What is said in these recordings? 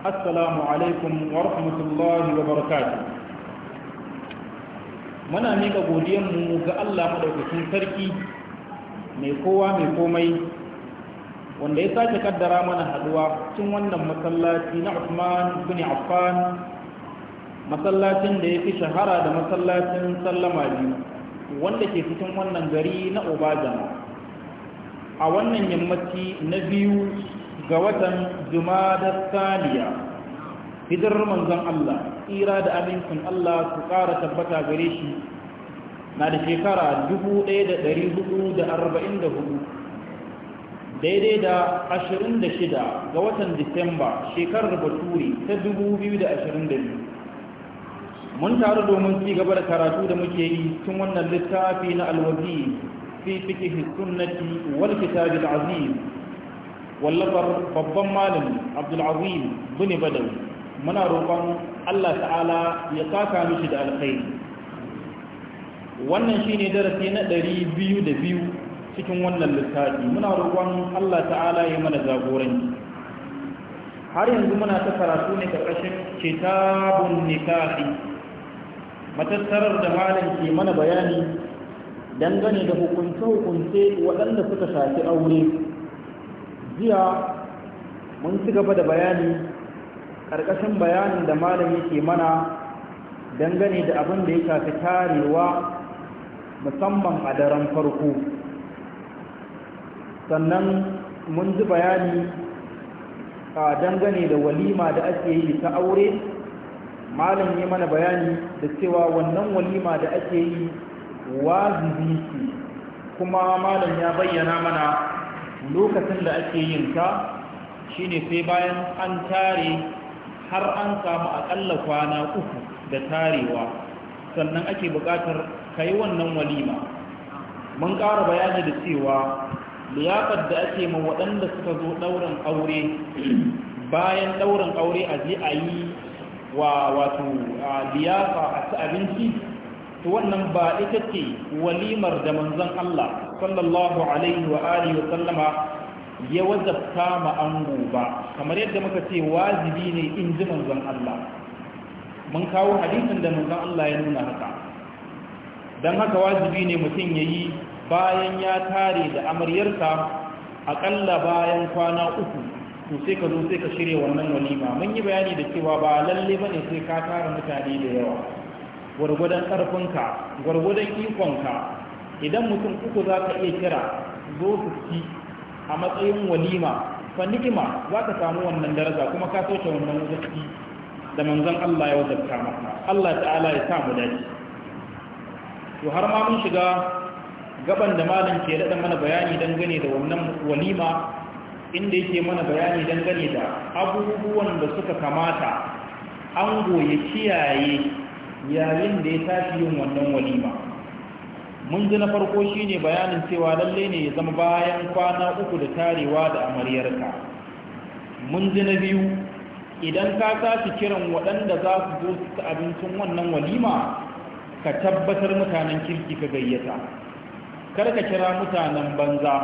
assalamu alaikum wa rahmatullahi wa barakatuh muna mika godiyanmu ga Allah maɗaukakin sarki mai kowa mai komai wanda ya sake kaddara mana haduwa cikin wannan masallaci na Usman bin Affan masallacin da ya fi shahara da masallacin sallama biyu wanda ke cikin wannan gari na Obajama a wannan yammaci na biyu ga watan jumadar saniya hijirar manzan Allah tsira da aminkun Allah su ƙara tabbata gare shi na da shekara 1444 daidai da 26 ga watan disamba shekarar baturi ta 2022 mun taru domin ci gaba da karatu da muke yi tun wannan littafi na alwazi fi fikihi sunnati wal kitabil aziz wallafar babban malami abdulazim bin badawi muna roƙon Allah ta'ala ya saka mishi da alkhairi wannan shine darasi na ɗari biyu da biyu cikin wannan littafi muna roƙon Allah ta'ala ya mana jagoranci har yanzu muna ta karatu ne ƙarƙashin kitabun nikahi matattarar da malam ke mana bayani dangane da hukunce-hukunce waɗanda suka shafi aure jiya mun ci gaba da bayani ƙarƙashin bayanin da malami ke mana dangane da abin da ya shafi tarewa musamman a daren farko sannan mun ji bayani a dangane da walima da ake yi ta aure malam ya mana bayani da cewa wannan walima da ake yi wajibi ce kuma malam ya bayyana mana lokacin da ake yin ka shine sai bayan an tare har an samu akalla kwana uku da tarewa sannan ake buƙatar ka yi wannan walima mun ƙara bayani da cewa liyafar da ake ma waɗanda suka zo ɗaurin aure bayan ɗaurin aure a je a yi wa wato liyafa a ci abinci ta wannan ba ita ce walimar da manzon Allah sallallahu alaihi wa alihi wa sallama ya wazabta ma ango ba kamar yadda muka ce wajibi ne in ji manzon Allah mun kawo hadisin da manzon Allah ya nuna haka dan haka wajibi ne mutum yayi bayan ya tare da amaryarsa akalla bayan kwana uku to sai ka zo sai ka shirya wannan walima mun yi bayani da cewa ba lalle bane sai ka tara mutane da yawa gwargwadon ƙarfinka gwargwadon ikonka idan mutum uku za ka iya kira zo su ci a matsayin walima fa nikima za ka samu wannan daraja kuma ka sauke wannan wajabci da manzon Allah ya wajabta maka Allah ta'ala ya sa mu dace to har ma mun shiga gaban da malam ke da mana bayani dangane da wannan walima inda yake mana bayani dangane da abubuwan da suka kamata an goye kiyaye yayin da ya tashi yin wannan walima mun ji na farko shine bayanin cewa lalle ne ya zama bayan kwana uku da tarewa da amaryarka mun ji na biyu idan ka tashi kiran waɗanda za su zo su abincin wannan walima ka tabbatar mutanen kirki ka gayyata kar ka kira mutanen banza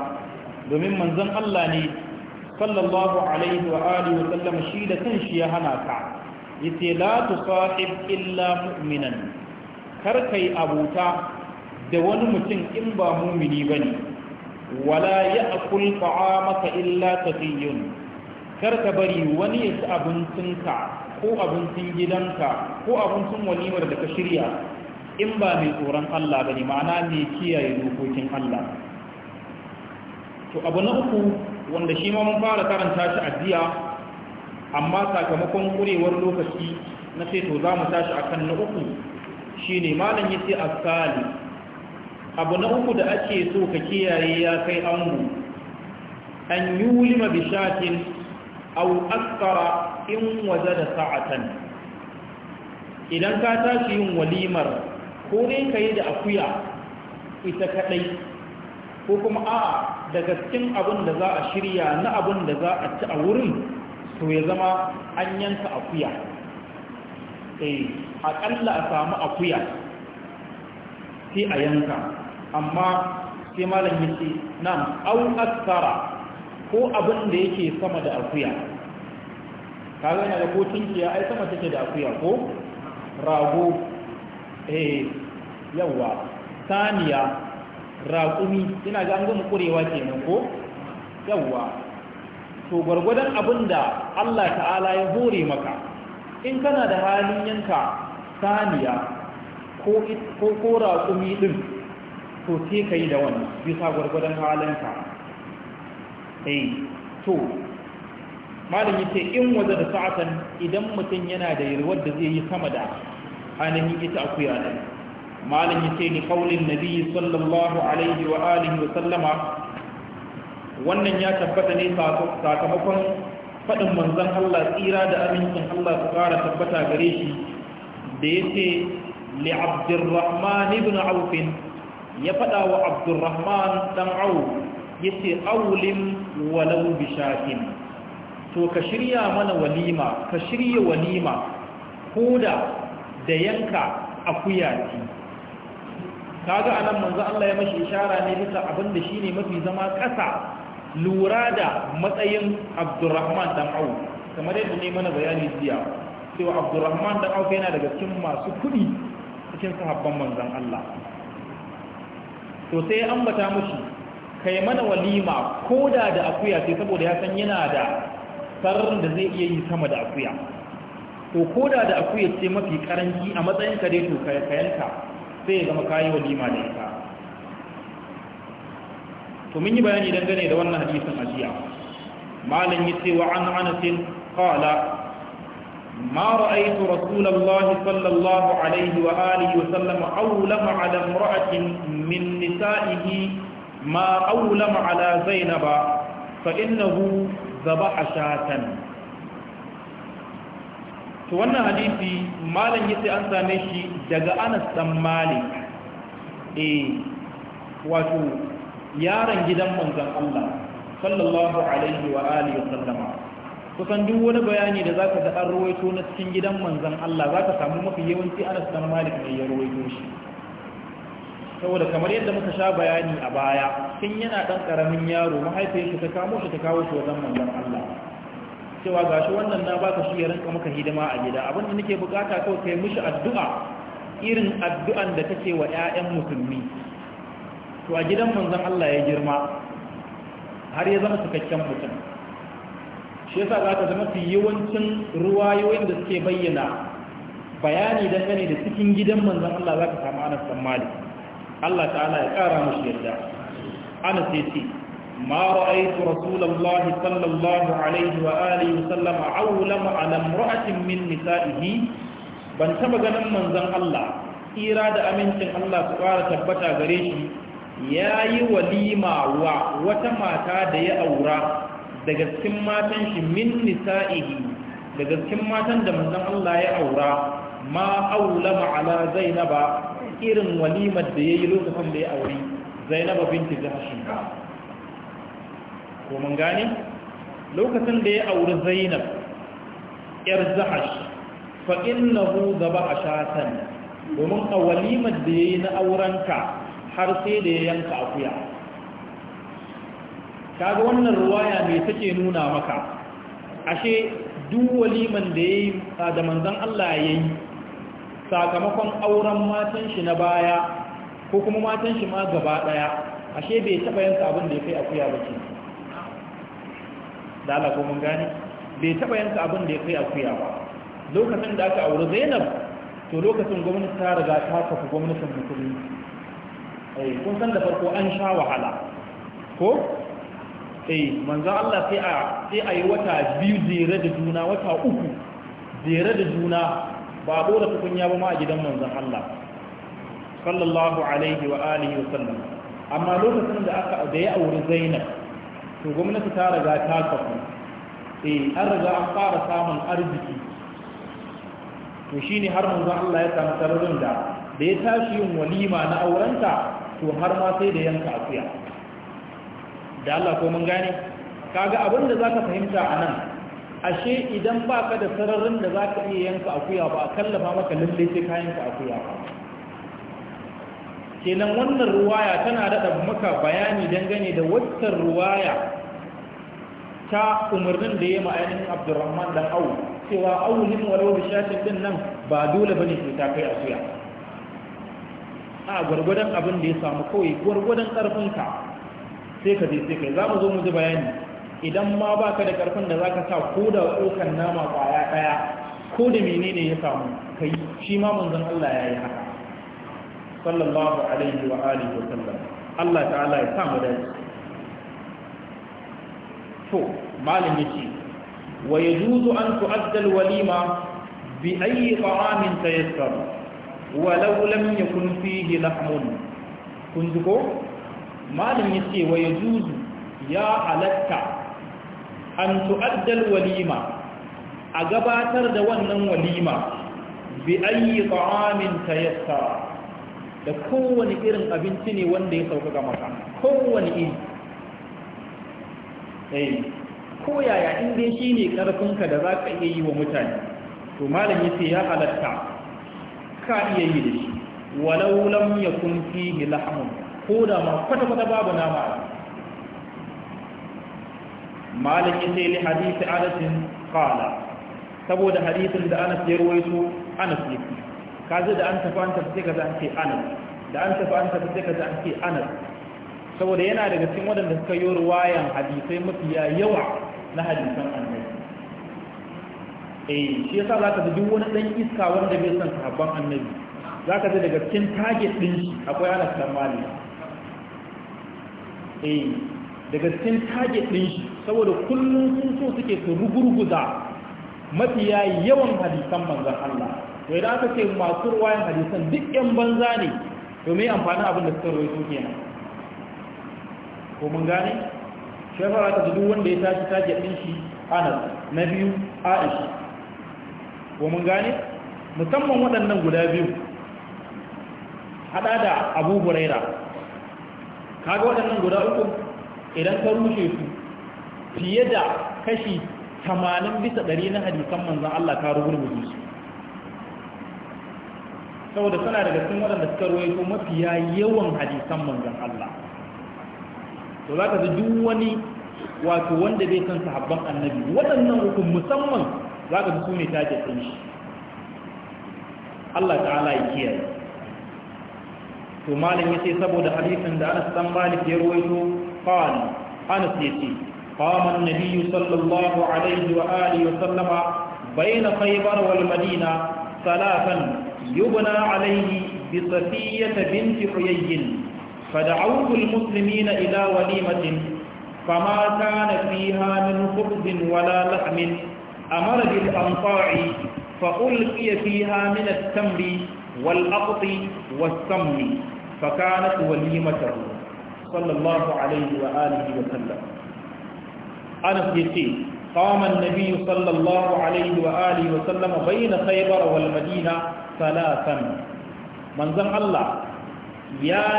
domin manzon Allah ne sallallahu alaihi wa alihi shi da kanshi ya hana ka yace la tusahib illa mu'minan kar kai abuta da wani mutum in ba mumini ba ne wala ya akul maka illa taqiyyun kar ka bari wani ya ci abincinka ko abincin gidanka ko abincin walimar da ka shirya in ba mai tsoron Allah ba ne ma'ana mai kiyaye dokokin Allah to abu na uku wanda shi ma mun fara karanta shi a jiya amma sakamakon kurewar lokaci na sai to za mu tashi akan na uku shine malam yace asali abu na uku da ake so ka kiyaye ya kai mu an wuli ma bishatin au askara in da sa'atan idan ka tashi yin walimar ko dai yi da akuya ita kaɗai ko kuma a daga cikin abin da za a shirya na abin da za a ci a wurin to ya zama an yanka akuya a eh, aƙalla a samu akuya sai a yanka amma sai malam yake nan au asfara ko abin da yake sama da akuya ka yana da ko tinkiya ai sama take da akuya ko rago eh yawa saniya raƙumi ina ga an gama ƙurewa kenan ko yawa to gwargwadon abin da Allah ta'ala ya hore maka in kana da halin yanka saniya ko ko raƙumi din to sai ka yi da wani bisa gwargwadon halinka Ai eh, to malami yace in waje da sa'atan idan mutum yana da yarwar da zai yi sama da ainihin ita akuya ne Malami yace ni qaulin nabi sallallahu alaihi wa alihi wa sallama wannan ya tabbata ne sakamakon faɗin manzon Allah tsira da amincin Allah su ƙara tabbata gare shi da yace li abdurrahman ibn auf ya faɗa wa abdurrahman ɗan au ya ce aulin walau bishakin to ka shirya mana walima ka shirya walima koda da yanka akuya ce kaga anan manzo Allah ya mashi ishara ne bisa abin da shine mafi zama ƙasa lura da matsayin abdurrahman Dan au kamar yadda ne mana bayani jiya cewa abdurrahman Dan au yana daga cikin masu kuɗi cikin sahabban manzon Allah to sai bata mushi kai mana walima ko da da akuya sai saboda ya san yana da sarrin da zai iya yi sama da akuya to ko da da akuya ce mafi karanci a matsayin ka dai to kayanka yanka sai ya zama kayi walima da ita to mun yi bayani dangane da wannan hadisin ajiya malam yace wa an anasin qala ما رأيت رسول الله صلى الله عليه وآله وسلم أولم على امرأة من نسائه ما أولم على زينب فإنه ذبح شاة to wannan hadisi malam yace an same shi daga Anas dan Malik eh wato yaron gidan manzon Allah sallallahu alaihi wa alihi kusan duk wani bayani da zaka ga an ruwaito na cikin gidan Manzan Allah zaka samu mafi yawanci Anas bin Malik ne ya ruwaito shi saboda kamar yadda muka sha bayani a baya tun yana dan karamin yaro mahaifiyarsa ta kamo shi ta kawo shi wajen Manzan Allah cewa gashi wannan na baka shi ya rinka maka hidima a gida abin da nake bukata kawai kai mishi addu'a irin addu'an da kake wa 'ya'yan musulmi to a gidan Manzan Allah ya girma har ya zama cikakken mutum shi yasa za ka zama fi yawancin ruwayoyin da suke bayyana bayani dangane da cikin gidan manzon Allah za ka samu anas dan Allah ta'ala ya kara mushi yarda anas ya ce ma ra'aytu rasulullah sallallahu alaihi wa alihi wa sallam awlam ala imra'atin min nisa'ihi ban taɓa ganin manzon Allah tsira da amincin Allah su fara tabbata gare shi ya yi walima wa wata mata da ya aura daga cikin matan shi min nisa'ihi daga cikin matan da manzon Allah ya aura ma aulama ala zainaba irin walimar da yayi lokacin da ya aure zainaba binti jahshi ko mun gane lokacin da ya aure zainab yar jahsh fa innahu dhabaha shatan domin a walimar da yayi na aurenka har sai da ya yanka akuya kaga wannan ruwaya mai take nuna maka ashe duk waliman da yayi da manzon Allah yayi sakamakon auren matan shi na baya ko kuma matan shi ma gaba daya ashe bai taba yin abin da ya kai akuya ba ce lala ko mun gane bai taba yin abin da ya kai akuya ba lokacin da aka aure Zainab to lokacin gwamnati ta riga ta kafa gwamnatin musulmi eh kun san da farko an sha wahala ko eh manzo Allah sai a sai ayi wata biyu zere da juna wata uku zere da juna ba dora tukunya ba ma a gidan manzo Allah sallallahu alaihi wa alihi wa sallam amma lokacin da aka da ya auri Zainab to gwamnati ta riga ta kafu eh an riga an fara samun arziki to shine har manzo Allah ya samu sararin da da ya tashi yin walima na aurenta to har ma sai da yanka akuya da Allah ko mun gane kaga abin da zaka fahimta anan ashe idan baka da sararin da zaka iya yanka akuya ba a kallafa maka lalle sai ka yanka akuya ba kenan wannan ruwaya tana dada maka bayani dangane da wutar ruwaya ta umarnin da ya ma'ainihin Abdurrahman dan Awu cewa aunin walau shafin din nan ba dole bane sai ta kai akuya a gurgurdan abin da ya samu kawai gwargwadon ka sai ka je sai kai za mu zo mu ji bayani idan ma baka da karfin da za ka sa ko da tsokan nama kwaya ɗaya ko da menene ya samu ka yi shi ma manzon Allah ya yi haka sallallahu alaihi wa alihi wa sallam Allah ta'ala ya sa mu dace to malam yace wa yajuzu an tu'adda al-walima bi ayyi ta'amin tayassar walau lam yakun fihi lahmun kun ji ko malam ya ce wa ya juzu ya halatta an addal walima a gabatar da wannan walima bi ayi ta'amin tayassara da kowane irin abinci ne wanda ya sauka ga maka kowane iri eh ko yaya inda shi ne karfinka da zaka iya yi wa mutane to malam yace ya halatta ka iya yi da shi walau lam yakun fihi lahmun ko da ma kwata-kwata babu nama malik ya sai li hadisi anasin kala saboda hadisin da anas ya ruwaito anas ya fi kaji da an tafi an tafi sai ka an ce anas da an tafi an tafi sai ka an ce anas saboda yana daga cikin waɗanda suka yi ruwayan hadisai mafiya yawa na hadisan annabi eh shi yasa zaka ji duk wani dan iska wanda bai san sahabban annabi zaka ji daga cikin target din shi akwai Anas dan Malik eh daga cikin target din shi saboda kullum sun so suke su rugurguza mafiya yawan hadisan manzon Allah to idan aka ce masu ruwayan hadisan duk yan banza ne to me amfani abin da suka rawaito kenan ko mun gane shefa ta duk wanda ya tashi target din shi Anas na biyu Aisha ko mun gane musamman waɗannan guda biyu hada da Abu Hurairah kaga waɗannan guda uku idan ka rushe su fiye da kashi 80 bisa 100 na hadisan manzan Allah ka rugurguzu su saboda suna daga cikin waɗanda suka ruwa ko mafiya yawan hadisan manzan Allah to za ka ji duk wani wato wanda bai san sahabban annabi waɗannan uku musamman za ka ji su ne tajin shi Allah ta'ala ya kiyaye to malam yace saboda hadisin da Anas dan Malik ya ruwaito qal Anas yace qama an-nabiy sallallahu alaihi wa alihi wa sallama baina Khaybar wal Madina salatan yubna alaihi bi Safiyyah bint Huyay فدعوت المسلمين إلى وليمة فما كان فيها من خبز ولا لحم أمر بالأنطاع فألقي فيها من التمر والأقط والسمن فكانت وليمته صلى الله عليه وآله وسلم قام النبي صلى الله عليه وآله وسلم بين خيبر والمدينة ثلاثا من الله يا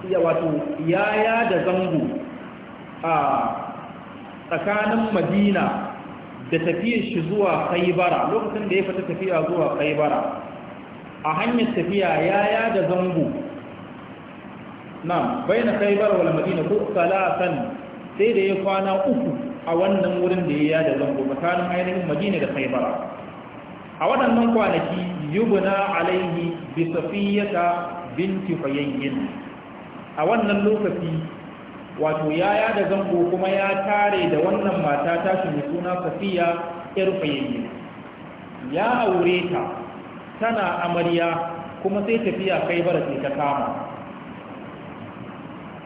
ya wato yaya ya da zango a tsakanin madina da tafiyar shi zuwa kaibara lokacin da ya fita tafiya zuwa kaibara a hanyar tafiya ya ya da zango na bayan khaybar madina ko salatan sai da ya kwana uku a wannan wurin da ya da zango tsakanin ainihin madina da kaibar a waɗannan kwanaki yubna alaihi bi safiyata binti fayayyin a wannan lokaci wato ya da zango kuma ya tare da wannan mata shi mai suna safiya yar fayayyin ya aure ta tana amarya kuma sai tafiya kai bara sai ta kama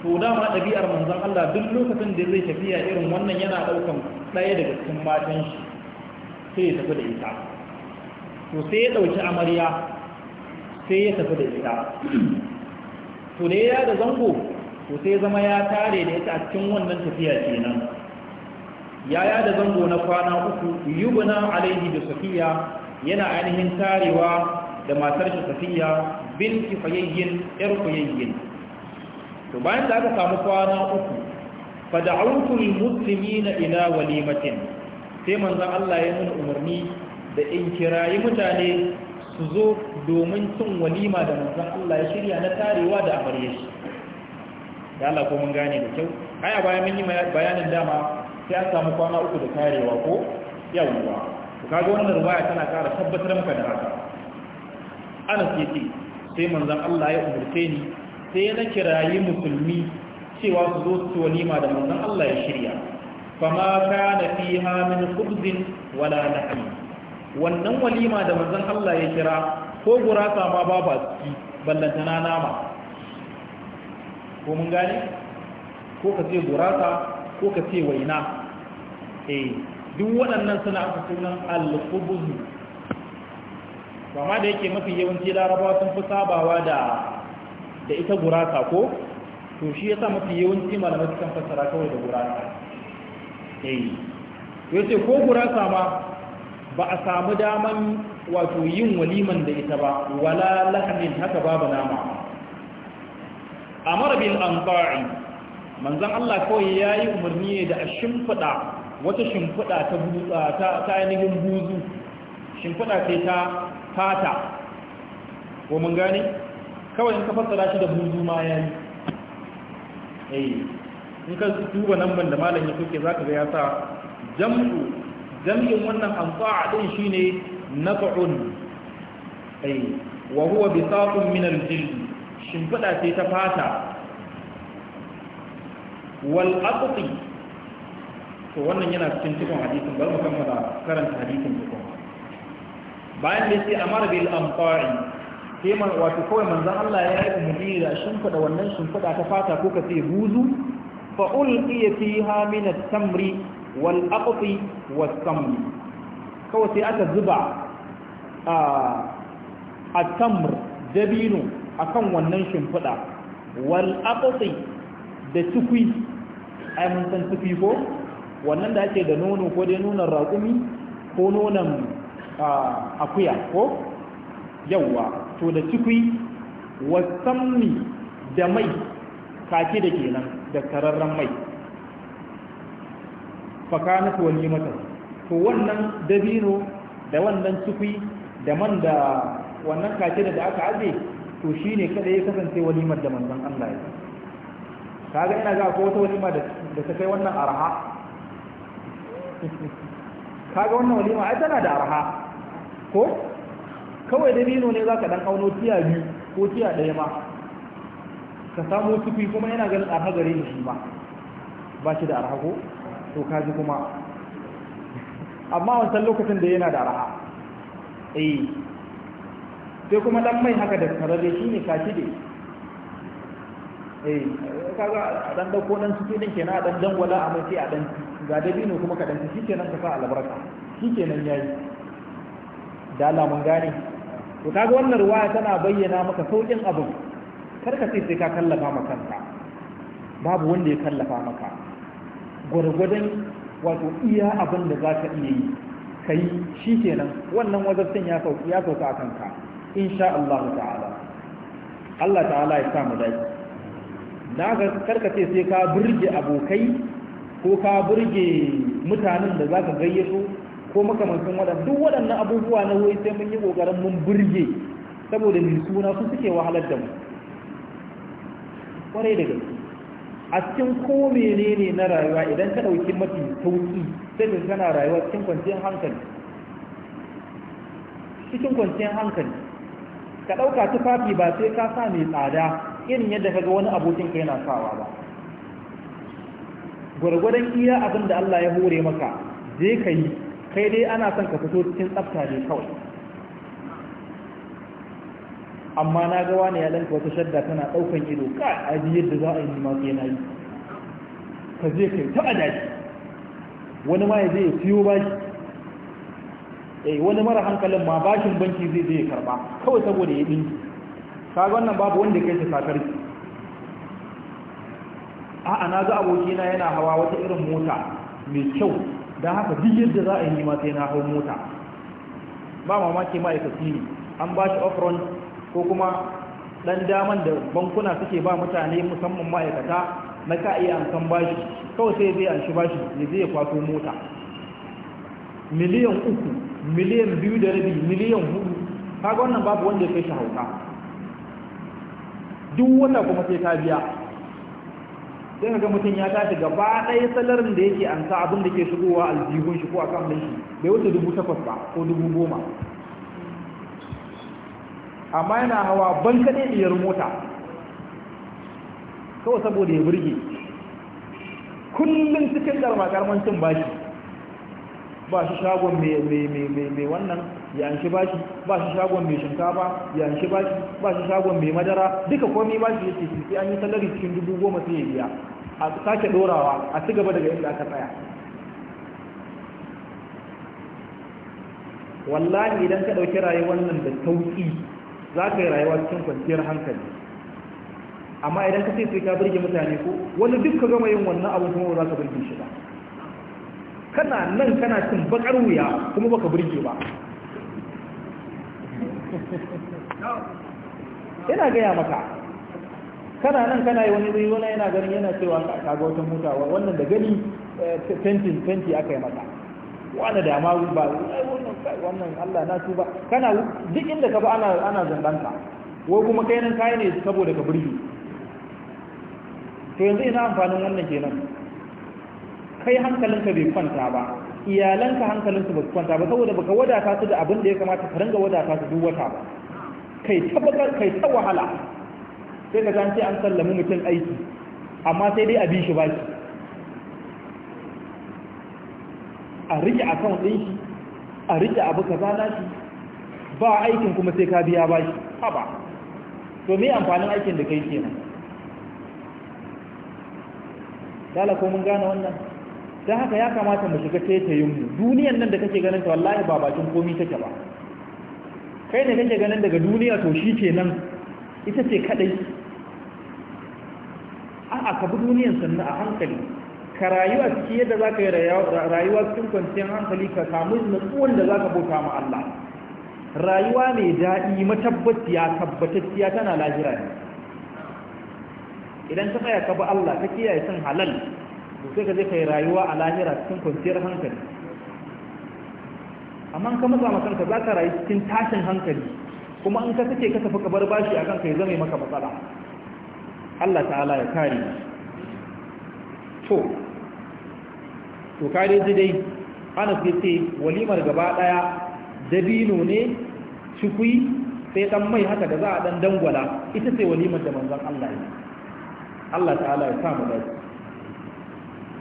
to dama ɗabi'ar manzon Allah duk lokacin da zai tafiya irin wannan yana ɗaukan ɗaya daga cikin matan shi sai ya tafi da ita to sai ya ɗauki amarya sai ya tafi da ita to da ya da zango to sai zama ya tare da ita a cikin wannan tafiya kenan ya da zango na kwana uku yubna alaihi da safiya yana ainihin tarewa da matar shi safiya bin kifayayyin yar kuyayyin to bayan da aka samu kwana uku fa da'awtul muslimina ila walimatin sai manzon Allah ya nuna umarni da in kirayi mutane su zo domin cin walima da manzon Allah ya shirya na tarewa da amarya shi da Allah ko mun gane da kyau aya bayan mun yi bayanin dama sai an samu kwana uku da tarewa ko yawwa to kaga wannan ruwaya tana ƙara tabbatar maka da haka Anas ce sai manzon Allah ya umurce ni sai na kirayi musulmi cewa su zo su walima da manzon Allah ya shirya ma kana fiha min khubzin wala nahi wannan walima da manzon Allah ya kira ko gurasa ma babu ci ciki na nama ko mun gane ko ka ce gurasa ko ka ce waina eh duk waɗannan suna aka sunan al-khubz amma da yake mafi yawanci larabawa sun fi sabawa da da ita gurasa ko to shi yasa mafi yawanci malamai sukan fassara kawai da gurasa eh yace ko gurasa ma ba a samu daman wato yin waliman da ita ba wala lahmin haka babu nama amar bil anqa'i manzan Allah kawai ya yi umarni da a shimfida wata shimfida ta ta ainihin buzu shimfida ce ta fata ko mun gane kawai in ka fassara shi da buzu ma ya yi eh in ka duba namban da malam ya kuke za ka ga ya sa jam'u jam'in wannan amfa'a din shine naf'un ai eh, wa huwa bisaqun min al-jild shimfida ce ta fata wal aqti to wannan yana cikin cikin hadisin bar mu kammala karanta hadisin cikin bayan da sai amara bil amfa'i kema wato kawai manzon Allah ya yi umarni da shimfida wannan shimfida ta fata ko ka ce buzu fa ulqiya fiha min at-tamri wal aqti was kawai sai aka zuba a at-tamr dabino akan wannan shimfida wal aqti da tukui ai mun san tukui ko wannan da ake da nono ko dai nonon raƙumi ko nonon akuya ko yawwa to da cikui sammi da mai kake da kenan da kararren mai fakanat walimata to wannan dabino da wannan cikui da man da wannan kake da aka aje to shi ne kada ya kasance walimar da manzon Allah ya kaga ina ga ko wata walima da ta kai wannan arha kaga wannan walima ai tana da arha ko kawai da bino ne za ka ɗan auno tiya biyu ko tiya ɗaya ma ka samu tufi kuma yana ganin arha gare shi ba ba shi da arha ko to kaji kuma amma wancan lokacin da yana da arha eh sai kuma ɗan mai haka da kararre shi ne kashi ne eh kaga a ɗan ɗauko ɗan tufi ɗin kenan a ɗan dangwala a mai sai a ɗan ga da bino kuma ka ɗan shi kenan ka sa albarka shi kenan ya yi da mun gane to kaga wannan ruwaya tana bayyana maka saukin abin kar ka sai sai ka kallafa ma kanka babu wanda ya kallafa maka gwargwadon wato iya abin da za ka iya yi ka yi shi kenan wannan wazartin ya sauka a kanka insha Allah ta'ala Allah ta'ala ya samu dai na ga karkace sai ka burge abokai ko ka burge mutanen da za ka gayyato ko makamantan waɗanda duk waɗannan abubuwa na wai sai mun yi ƙoƙarin mun burge saboda mai suna su suke wahalar da mu ƙwarai da gaske a cikin ko menene na rayuwa idan ka ɗauki mafi sauƙi sai kana rayuwa cikin kwanciyar hankali cikin kwanciyar hankali ka ɗauka tufafi ba sai ka sa mai tsada irin yadda ka ga wani abokin ka yana sawa ba gwargwadon iya abin da Allah ya hore maka je ka yi kai dai ana son ka fito cikin tsafta ne kawai amma na ga wani ya wata shadda tana ɗaukan ido ka aji yadda za a yi nima sai na yi ka je kai ta adaji wani ma ya je ya siyo bashi eh wani mara hankalin ma bashin banki zai je ya karba kawai saboda ya dinki ga wannan babu wanda kai ta sakar ki a'a na ga abokina yana hawa wata irin mota mai kyau da haka duk yadda za a yi ma sai na hau mota ba mamaki ma'aikaci ne an ba shi offron ko kuma dan daman da bankuna suke ba mutane musamman ma'aikata na ka iya amsan bashi kawai sai zai anshi bashi ne zai kwaso mota miliyan uku miliyan biyu da rabi miliyan hudu kaga wannan babu wanda ya kai shi hauka duk wata kuma sai ta biya sai ga mutum ya tashi gaba ɗaya salarin da yake an abin da ke shigowa aljihun shi ko a kan shi bai wuce dubu takwas ba ko dubu goma amma yana hawa ban kaɗe mota kawai saboda ya burge kullum cikin garma karman bashi ba shi shagon mai wannan ya bashi ba shi shagon mai shinkafa ya bashi ba shi shagon mai madara duka komai ba shi yake sai an yi salari cikin dubu goma sai ya biya a sake dorawa a ci gaba daga inda aka tsaya wallahi idan ka ɗauki rayuwar nan da sauƙi za ka yi rayuwa cikin kwanciyar hankali amma idan ka ce sai ka birge mutane ko wani duk ka gama yin wannan abin kuma ba za ka birge shi ba kana nan kana cin bakar wuya kuma baka birge ba yana gaya maka kana nan kana yi wani zai wani yana ganin yana cewa ka ga wata mota wannan da gani eh, fentin fenti aka yi mata wani da ma ba wannan Allah na ba kana duk inda ka ba ana ana ka wai kuma kai nan kai ne saboda ka burge to yanzu ina amfanin wannan kenan kai hankalinka bai kwanta ba iyalanka hankalinsu ba su kwanta ba saboda baka wadata su da abin da ya kamata ka ringa wadata su duk wata ba kai tabbatar kai ta wahala sai ka san sai an sallami mutum aiki amma sai dai abin shi baki a rike account din shi a rike abu kaza na shi ba aikin kuma sai ka biya ba shi, haba to me amfanin aikin da kai kenan dala ko mun gane wannan dan haka ya kamata mu shiga mu. duniyan nan da kake ganin ta wallahi ba bakin komi take ba kai ne kake ganin daga duniya to shi ke nan ita ce kadai a'a ka bi duniyan sannan a hankali ka rayuwa cikin yadda za ka yi rayuwa cikin kwanciyar hankali ka samu natsuwan da za ka bauta ma Allah rayuwa mai daɗi matabbaciya tabbatacciya tana lahira ne idan ka tsaya ka bi Allah ka kiyaye san halal to sai ka je ka yi rayuwa a lahira cikin kwanciyar hankali amma ka matsa makanka za ka rayu cikin tashin hankali kuma in ka sake ka tafi kabar bashi akan ka ya zame maka matsala Allah ta'ala ya kare to to kare ji dai ana ya ce walimar gaba daya dabino ne cikui sai dan mai haka da za a dan dangwala ita ce walimar da manzon Allah ya Allah ta'ala ya sa mu dace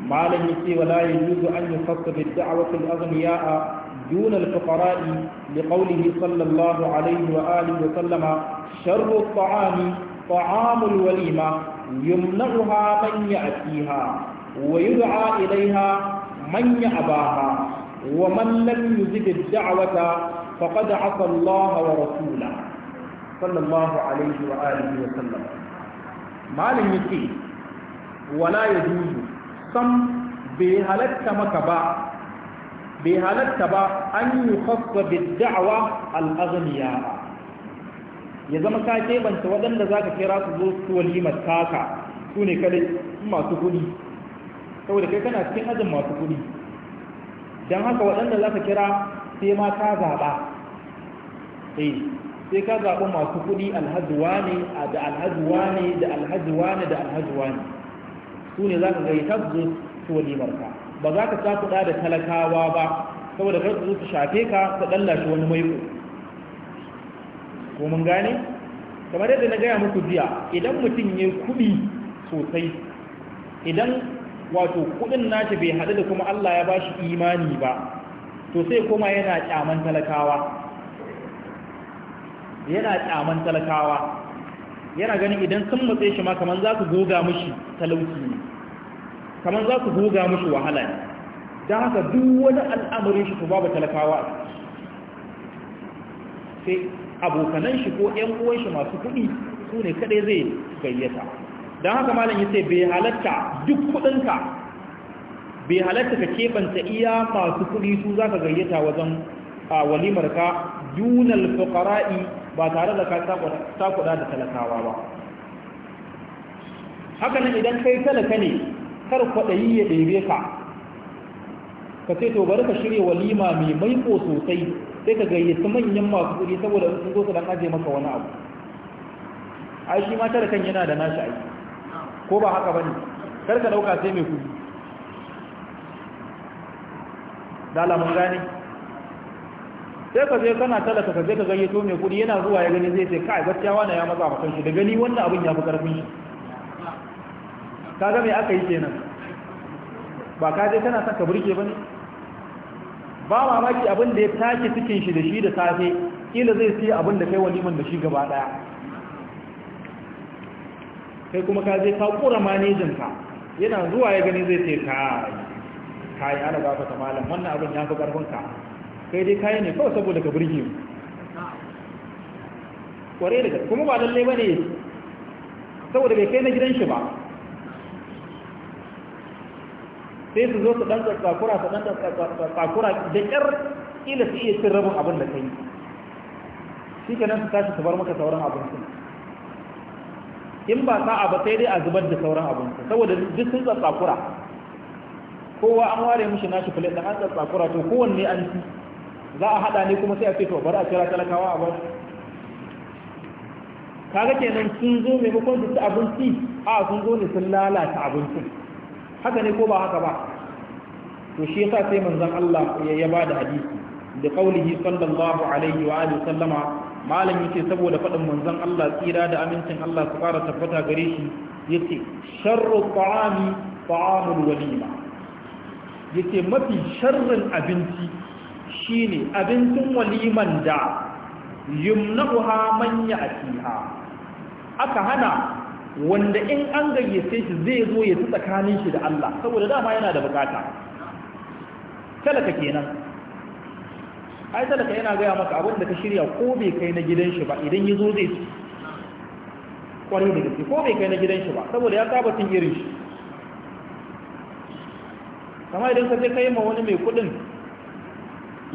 ما لم يسي ولا يجوز أن يخص بالدعوة الأغنياء دون الفقراء لقوله صلى الله عليه وآله وسلم شر الطعام طعام الوليمة يمنعها من يأتيها ويدعى إليها من يأباها ومن لم يزد الدعوة فقد عصى الله ورسوله صلى الله عليه وآله وسلم ما لم يسي ولا يجوز sam bai halatta maka ba bai halatta ba an yi khasba bidda'awa al'azmiya ya zama ka kebanta waɗanda za ka kira su zo su walimar taka su ne kadai masu kuɗi saboda kai kana cikin ajin masu kuɗi don haka waɗanda za ka kira sai ma ka zaɓa eh, sai ka zaɓi masu kuɗi alhajuwa ne da alhajuwa ne da alhajuwa ne da alhajuwa ne su ne za ka gai tabbu su wani marka ba za ka cakuɗa da talakawa ba saboda kar su su shafe ka su ɗallashi wani maiko ko mun gane kamar yadda na gaya muku jiya idan mutum ya kuɗi sosai idan wato kuɗin nashi bai haɗu da kuma Allah ya bashi imani ba to sai kuma yana ƙyaman talakawa yana ƙyaman talakawa yana ganin idan sun matse shi ma kamar za su goga mishi talauci ne kamar za su buga musu wahala ne don haka duk wani al'amarin shi su babu talakawa sai abokanan shi ko ‘yan uwan shi masu kuɗi su ne kaɗai zai gayyata don haka malam ya ce bai halatta duk kuɗinka bai halatta ka keɓanta iya masu kuɗi su za ka gayyata wajen walimar ka dunal fuqara'i ba tare da ka takuda da talakawa ba haka nan idan kai talaka ne kar kwaɗayi ya ɗebe ka ka ce to bari ka shirya walima mai maiko sosai sai ka gayyaci manyan masu kuɗi saboda sun zo su dan aje maka wani abu ai shi ma tare kan yana da nashi aiki ko ba haka bane kar ka dauka sai mai kuɗi dala mun gane sai ka je kana talaka ka je ka gayyato mai kuɗi yana zuwa ya gani zai ce kai gaskiya na ya matsa mutan shi da gani wannan abin ya fi karfin shi ga me aka yi kenan ba ka je tana son ka burge ba ne ba ma maki abin da ya take cikin shi da shi da safe kila zai siya abin da kai waliman da shi gaba daya kai kuma ka je ka kura ka yana zuwa ya gani zai ce ka kai ana ba ka malam wannan abin ya fi ka kai dai kayi ne kawai saboda ka burge mu kware da kuma ba lalle ba ne saboda bai kai na gidan shi ba sai su zo su ɗan tsakura su ɗan tsakura da ƙyar kila su iya cin rabin abin da kai shi kenan su tashi su bar maka sauran abincin in ba sa'a ba sai dai a zubar da sauran abincin saboda duk sun tsakura kowa an ware mishi nashi filin da an tsakura to kowanne an ci za a haɗa ne kuma sai a ce to bari a kira talakawa a bar kaga kenan sun zo maimakon su ci abinci a sun zo ne sun lalata abincin haka ne ko ba haka ba to shi yasa sai manzon Allah ya ba da hadisi da kaulihi sallallahu alaihi wa alihi sallama malam yake saboda faɗin manzon Allah tsira da amincin Allah su fara tabbata gare shi yace sharru ta'ami ta'amul walima yace mafi sharrin abinci shine abincin waliman da yumnaha man ya'tiha aka hana wanda in an gayyace shi zai zo ya fi tsakanin shi da Allah saboda dama yana da bukata talaka kenan ai talaka yana gaya maka abin da ka shirya ko bai kai na gidan shi ba idan ya zo zai ci kwarai da gaske ko bai kai na gidan shi ba saboda ya saba tun irin shi kama idan ka je kai ma wani mai kudin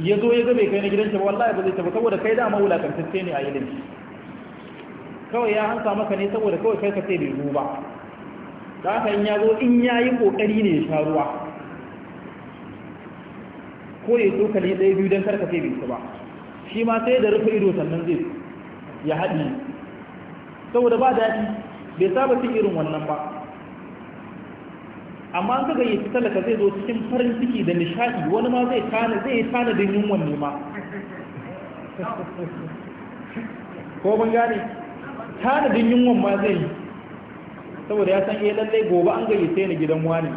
ya zo ya ga bai kai na gidan shi ba wallahi ba zai ba saboda kai dama wulakantacce ne a ilimi kawai ya hansa maka ne saboda kawai kai ka sai bai zo ba da haka in ya zo in ya yi ƙoƙari ne ya sha ruwa ko ya tsoka ne ɗaya biyu don karka sai bai ba shi ma sai da rufe ido sannan zai ya haɗi saboda ba daɗi bai saba cin irin wannan ba amma an kaga yi talaka zai zo cikin farin ciki da nishaɗi wani ma zai tana zai yi tana don yunwan ma ko ban gane tanadin yunwan ma zai yi saboda ya san eh lallai gobe an sai na gidan wani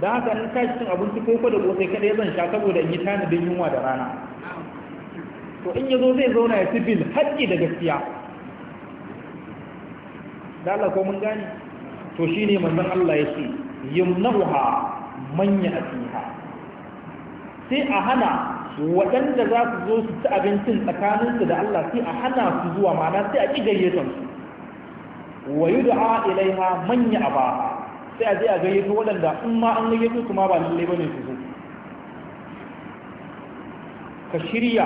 don haka an tashi cin abinci ko da kosai kada zan sha saboda in yi tanadin yunwa da rana to in ya zo zai zauna ya ci bil haƙƙi da gaskiya da Allah ko mun gani to shine manzon Allah ya ce manya man ya'tiha sai a hana waɗanda za su zo su ci abincin tsakaninsu da Allah sai a hana su zuwa mana sai a ƙi gayyatansu wa yud'a ilaiha man ya'ba sai a je a gayyato waɗanda in ma an gayyato su ma ba lalle bane su zo ka shirya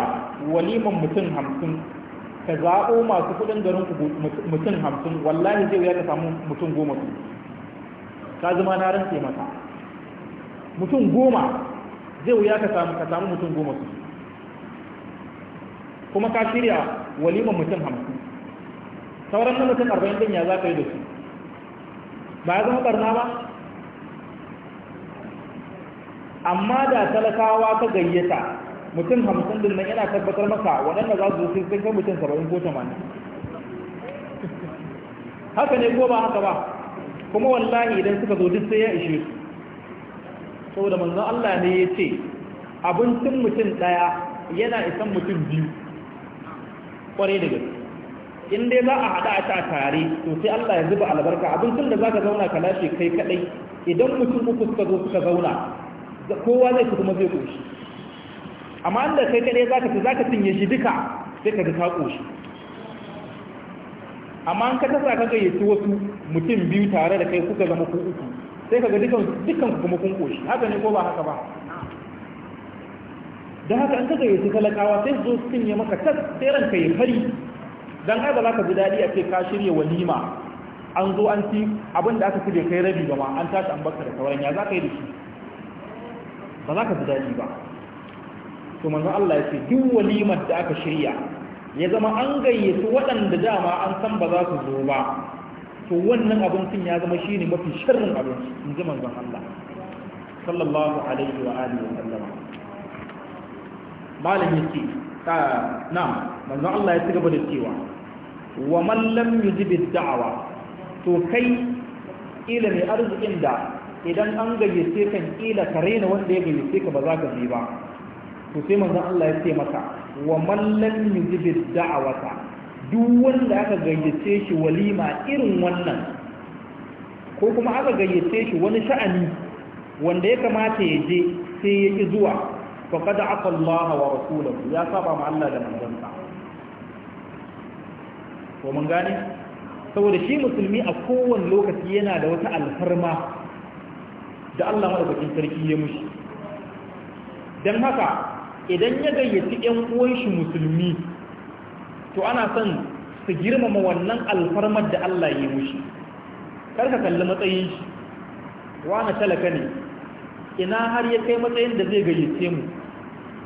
waliman mutum hamsin ka zaɓo masu kuɗin garin ku mutum hamsin wallahi zai wuya ka samu mutum goma su ka zama na rantse maka mutum goma zai wuya ka samu ka samu mutum goma su kuma ka shirya waliman mutum hamsin sauran na mutum arba'in din ya za ka yi da su ba ya zama barna ba amma da talakawa ka gayyata mutum hamsin din nan yana tabbatar maka waɗanda za su zo sun kai mutum saba'in ko tamanin haka ne ko ba haka ba kuma wallahi idan suka zo duk sai ya ishe su saboda manzon Allah ne ya ce abincin mutum ɗaya yana isan mutum biyu ƙwarai da gaske in dai za a haɗa a ta tare to sai Allah ya zuba albarka abincin da zaka zauna ka lashe kai kadai idan mutum uku suka zo suka zauna kowa zai ku kuma zai koshi amma inda kai kadai zaka ci zaka cinye shi duka sai ka ji ka koshi amma an ka tasa ka gayyaci wasu mutum biyu tare da kai kuka zama ku uku sai ka ga dukan dukan ku kuma kun koshi haka ne ko ba haka ba da haka an ka gayyaci talakawa sai su zo su cinye maka tas sai ranka ya fari dan haka za ka ji daɗi a ce ka shirya walima an zo an ci abin da aka fi bai kai rabi ba ma an tashi an baka da sauran ya za ka yi da shi ba za ka ji daɗi ba to manzo Allah ya ce duk walimar da aka shirya ya zama an gayyaci waɗanda dama an san ba za su zo ba to wannan abincin ya zama shine mafi sharrin abinci in ji manzon Allah sallallahu alaihi wa alihi wa sallama malam yake ta na manzon Allah ya ci gaba da cewa wa man lam yujib da'awa to kai ila mai arzikin da idan an gayyace kan ila ka na wanda ya gayyace ka ba za ka je ba to sai manzon Allah ya ce maka wa man lam yujib da'awata duk wanda aka gayyace shi walima irin wannan ko kuma aka gayyace shi wani sha'ani wanda ya kamata ya je sai ya ki zuwa faqad afa Allah wa rasuluhu ya saba ma Allah da manzon sa ko mun gane saboda shi musulmi a kowane lokaci yana da wata alfarma da Allah maɗaukakin sarki ya mushi dan haka idan ya gayyaci uwan shi musulmi to ana son su girmama wannan alfarmar da Allah ya mushi karka kalli matsayin shi wani talaka ne ina har ya kai matsayin da zai gayyace mu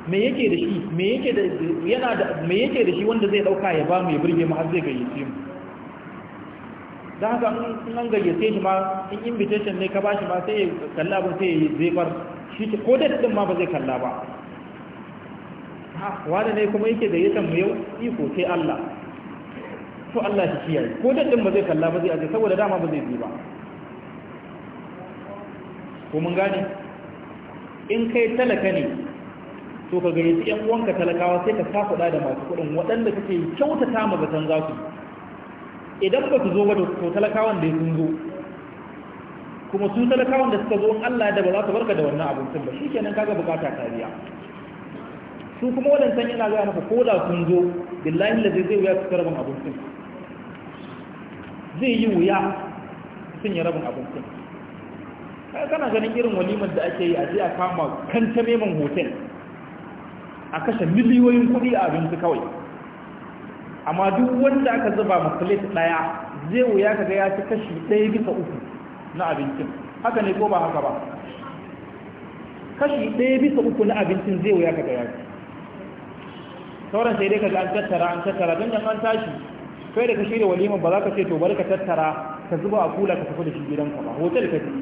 me yake da shi me yake da yana da me yake da shi wanda zai dauka ya ba mu ya burge mu har zai gayyace mu dan haka in an gayyace shi ma in invitation ne ka ba shi ma sai kalla abin sai ya zai bar shi ko da din ma ba zai kalla ba Ha, wani ne kuma yake da yatan mu yau iko sai Allah to Allah shi kiyaye ko da din ba zai kalla ba zai aje saboda dama ba zai bi ba ko mun gane in kai talaka ne to ka gayyaci yan uwanka talakawa sai ka kuɗa da masu kuɗin waɗanda kake kyautata ma zaton za su idan ba su zo ba to talakawan da sun zo kuma su talakawan da suka zo in Allah da ba za su barka da wannan abincin ba shikenan kaga bukata kariya su kuma san yana ga maka ko da sun zo billahi la zai wuya su karban abincin zai yi wuya sun yi rabin abincin kana ganin irin walimar da ake yi a je a kama kan ta neman hotel a kashe miliyoyin kudi a abinci kawai amma duk wanda aka zuba ma plate daya, zai wuya kaga ya ci kashi ɗaya bisa uku na abincin haka ne ko ba haka ba kashi ɗaya bisa uku na abincin zai wuya kaga ya ci sauran sai dai kaga an tattara an tattara don yan an tashi kai da ka da waliman ba za ka ce to bari ka tattara ka zuba a kula ka tafi da shi gidanka ba hotel ka ci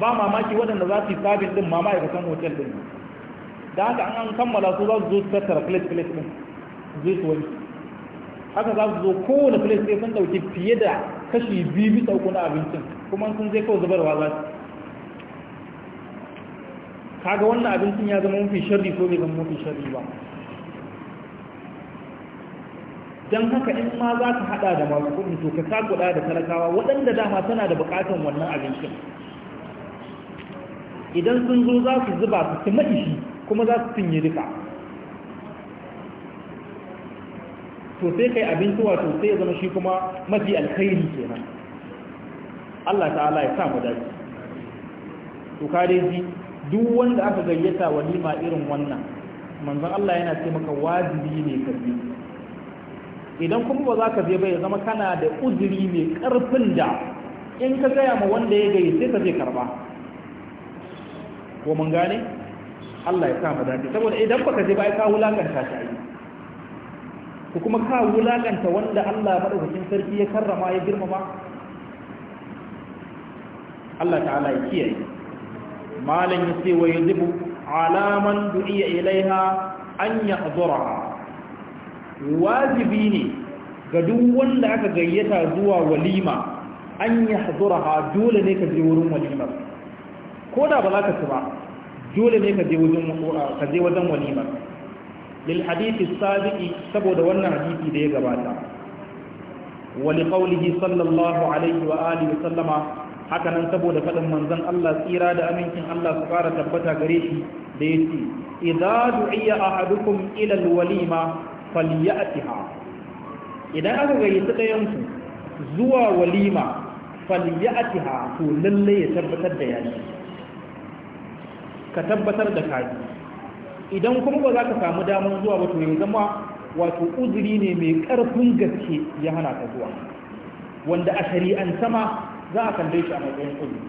ba mamaki waɗanda za su yi sabin ɗin ma ma'aikatan hotel ɗin da haka an kammala su za su zo su tattara plate plate din zai su wani haka za su zo kowane plate sai sun dauki fiye da kashi biyu bisa uku na abincin kuma sun zai kawai zubarwa za su kaga wannan abincin ya zama mafi sharri ko bai zama mafi sharri ba don haka in ma za ka hada da masu kudin to ka sakuda da talakawa waɗanda dama tana da buƙatar wannan abincin idan sun zo za su zuba su ci maishi kuma za su cinye duka to sai kai abinci wato sai ya zama shi kuma mafi alkhairi kenan Allah ta'ala ya sa mu dace to ka dai ji duk wanda aka gayyata walima irin wannan manzon Allah yana ce maka wajibi ne ka bi idan kuma ba za ka je ba ya zama kana da uzuri mai karfin da in ka gaya ma wanda ya gayyace ka je karba ko mun gane Allah ya sa mu dace saboda idan baka je ba ai ka wulakanta shi ai ko kuma ka wulakanta wanda Allah madaukakin sarki ya karrama ya girmama Allah ta'ala ya kiyaye malan yace wa yajibu alaman du'iya ilaiha an ya'dhura wajibi ne ga duk wanda aka gayyata zuwa walima an ya'dhura dole ne ka je wurin walimar ko da ba za ka ci ba dole ne ka je wajen je wajen walima lil hadithi sabiqi saboda wannan hadisi da ya gabata wani li qawlihi sallallahu alaihi wa alihi wa sallama haka nan saboda fadin manzon Allah tsira da amincin Allah su fara tabbata gare shi da yace idza du'iya ahadukum ila al walima falyatiha idan aka gayyaci ɗayan ku zuwa walima falyatiha to lallai ya tabbatar da yayi ka tabbatar da kaji idan kuma ba za ka samu damar zuwa to ya zama wato uzuri ne mai ƙarfin gaske ya hana ka zuwa wanda a shari'an sama za a kalle shi a matsayin uzuri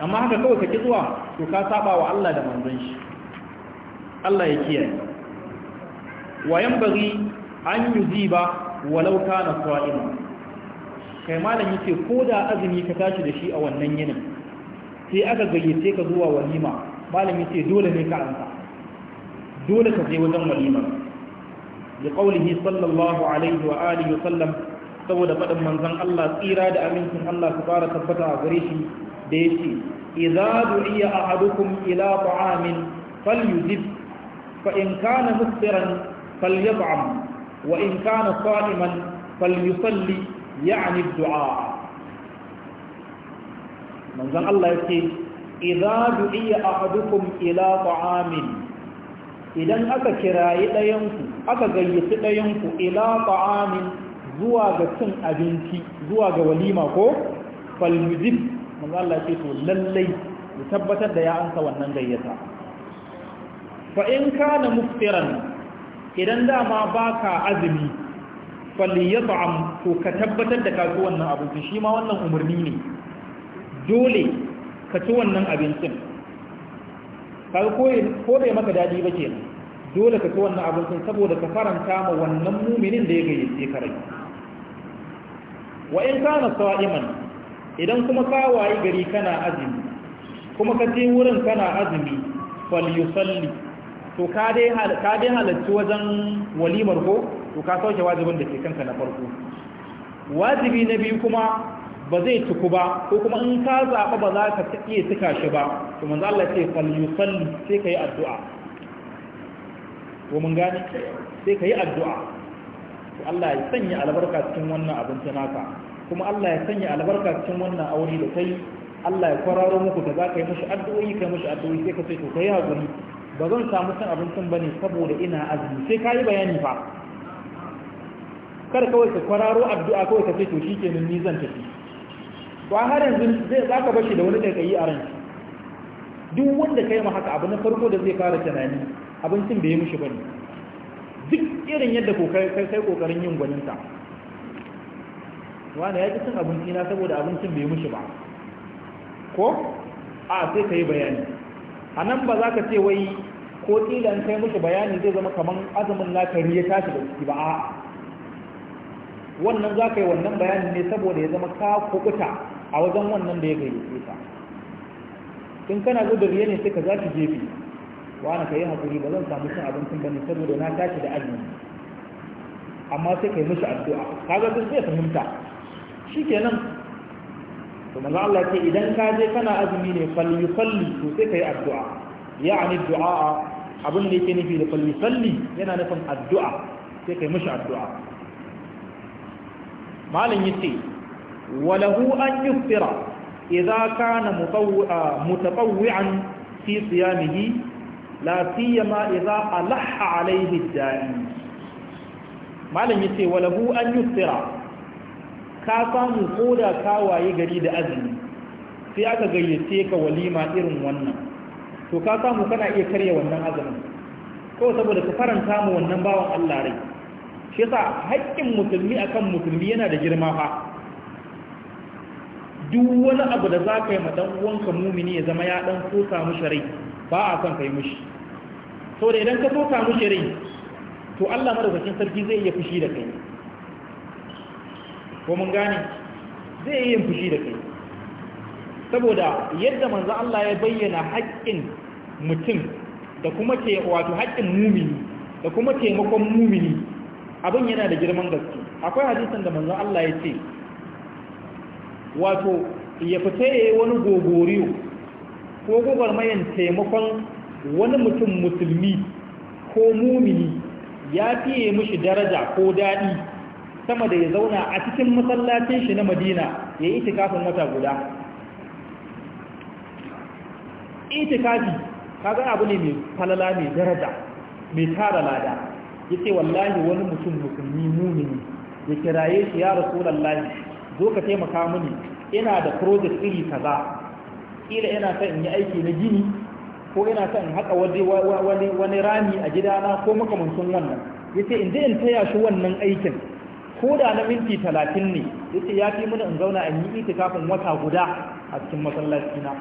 amma haka kawai ka ki zuwa to ka saba wa Allah da manzon shi Allah ya kiyaye wa bari an ba walau kana sa'ima kai malam yake ko da azumi ka tashi da shi a wannan yinin sai aka gayyace ka zuwa walima malami ce dole ne ka amsa dole ka je wajen walima ya qawlihi sallallahu alaihi wa alihi sallam saboda faɗin manzon Allah tsira da amincin Allah su fara tabbata a gare shi da yake idza du'iya ahadukum ila ta'amin falyujib fa in kana muftiran falyat'am wa in kana sa'iman falyusalli ya'ni du'a manzon Allah yake idza du'iya ahadukum ila ta'amin idan aka kirayi ɗayanku aka gayyaci ɗayanku ila ta'amin zuwa ga cin abinci zuwa ga walima ko falmujib manzon Allah yake to lallai ya tabbatar da ya ansa wannan gayyata fa in kana muftiran idan dama baka azumi falyat'am to ka tabbatar da kasu wannan abinci shi ma wannan umarni ne dole ka ci wannan abincin kaga ko bai maka daɗi ba ke dole ka ci wannan abincin saboda ka faranta ma wannan muminin da ya gayyace ka rai wa in kana sa'iman idan kuma ka wayi gari kana azumi kuma ka je wurin kana azumi fal yusalli to ka dai ka dai halarci wajen walimar ko to ka sauke wajibin da ke kanka na farko wajibi na biyu kuma ba zai tuku ba ko kuma in ka zaɓa ba za ka iya tuka shi ba to manzo Allah ce falyusalli sai ka yi addu'a ko mun gane sai ka yi addu'a to Allah ya sanya albarka cikin wannan abinci naka kuma Allah ya sanya albarka cikin wannan aure da kai Allah ya kwararo muku da za ka yi mishi addu'o'i kai mishi addu'o'i sai ka ce to kai hakuri ba zan samu cin abincin ba ne saboda ina azumi sai ka yi bayani fa kar kawai ka kwararo addu'a kawai ka ce to shikenan ni zan tafi ba har yanzu zai za ka bashi da wani kaikayi a ranki duk wanda ka yi ma haka abu na farko da zai fara tunani abincin bai yi mushi bane duk irin yadda kai kokarin yin gwaninta wani ya ƙi cin abinci na saboda abincin bai mushi ba ko a sai ka yi bayani a nan ba za ka ce wai ko ƙila kai mushi bayani zai zama kamar azumin lakari ya tashi da ciki ba a wannan za ka yi wannan bayanin ne saboda ya zama ka kukuta a wajen wannan da ya gayyace ta tun kana gudurye ne suka za ki jefi wa ka yi haƙuri ba zan samu cin abincin ba ne saboda na tashi da azumi amma sai ka yi mishi addu'a ga sun zai fahimta shi kenan to manzo Allah ce idan ka je kana azumi ne falli falli to sai ka yi addu'a ani du'a abin da yake nufi da falli falli yana nufin addu'a sai ka yi mishi addu'a malam yace walahu an yufira idza kana mutatawwi'an fi siyamihi la siyama idza alaha alayhi da'i malam yace walahu an yufira ka samu koda ka waye gari da azumi sai aka gayyace ka walima irin wannan to ka samu kana iya karya wannan azumin ko saboda ka faranta mu wannan bawan Allah rai shi yasa haƙƙin musulmi akan musulmi yana da girma duk wani abu da za ka yi uwan ka mumini ya zama ya ɗan sosa mushi rai ba a son kai mushi so da idan ka sosa mushi rai to Allah madaukakin sarki zai iya fushi da kai ko mun gane zai iya fushi da kai saboda yadda manzo Allah ya bayyana haƙƙin mutum da kuma ce wato haƙƙin mumini da kuma taimakon mumini abin yana da girman gaske akwai hadisin da manzo Allah ya ce wato ya fita ya yi wani gogoriyo ko gwagwarmayan taimakon wani mutum musulmi ko mumini ya fiye mishi daraja ko daɗi sama da ya zauna a cikin masallacin shi na madina ya yi itikafin wata guda itikafi kaga abu ne mai falala mai daraja mai tara lada ya ce wallahi wani mutum musulmi mumini ya kiraye shi ya rasu lallahi zo ka taimaka mini ina da project iri kaza kila ina son in yi aiki na gini ko ina son in haƙa wani rami a gidana ko makamancin wannan yace in je in taya shi wannan aikin ko da na minti talatin ne yace ya fi mini in zauna in yi kafin wata guda a cikin masallaci na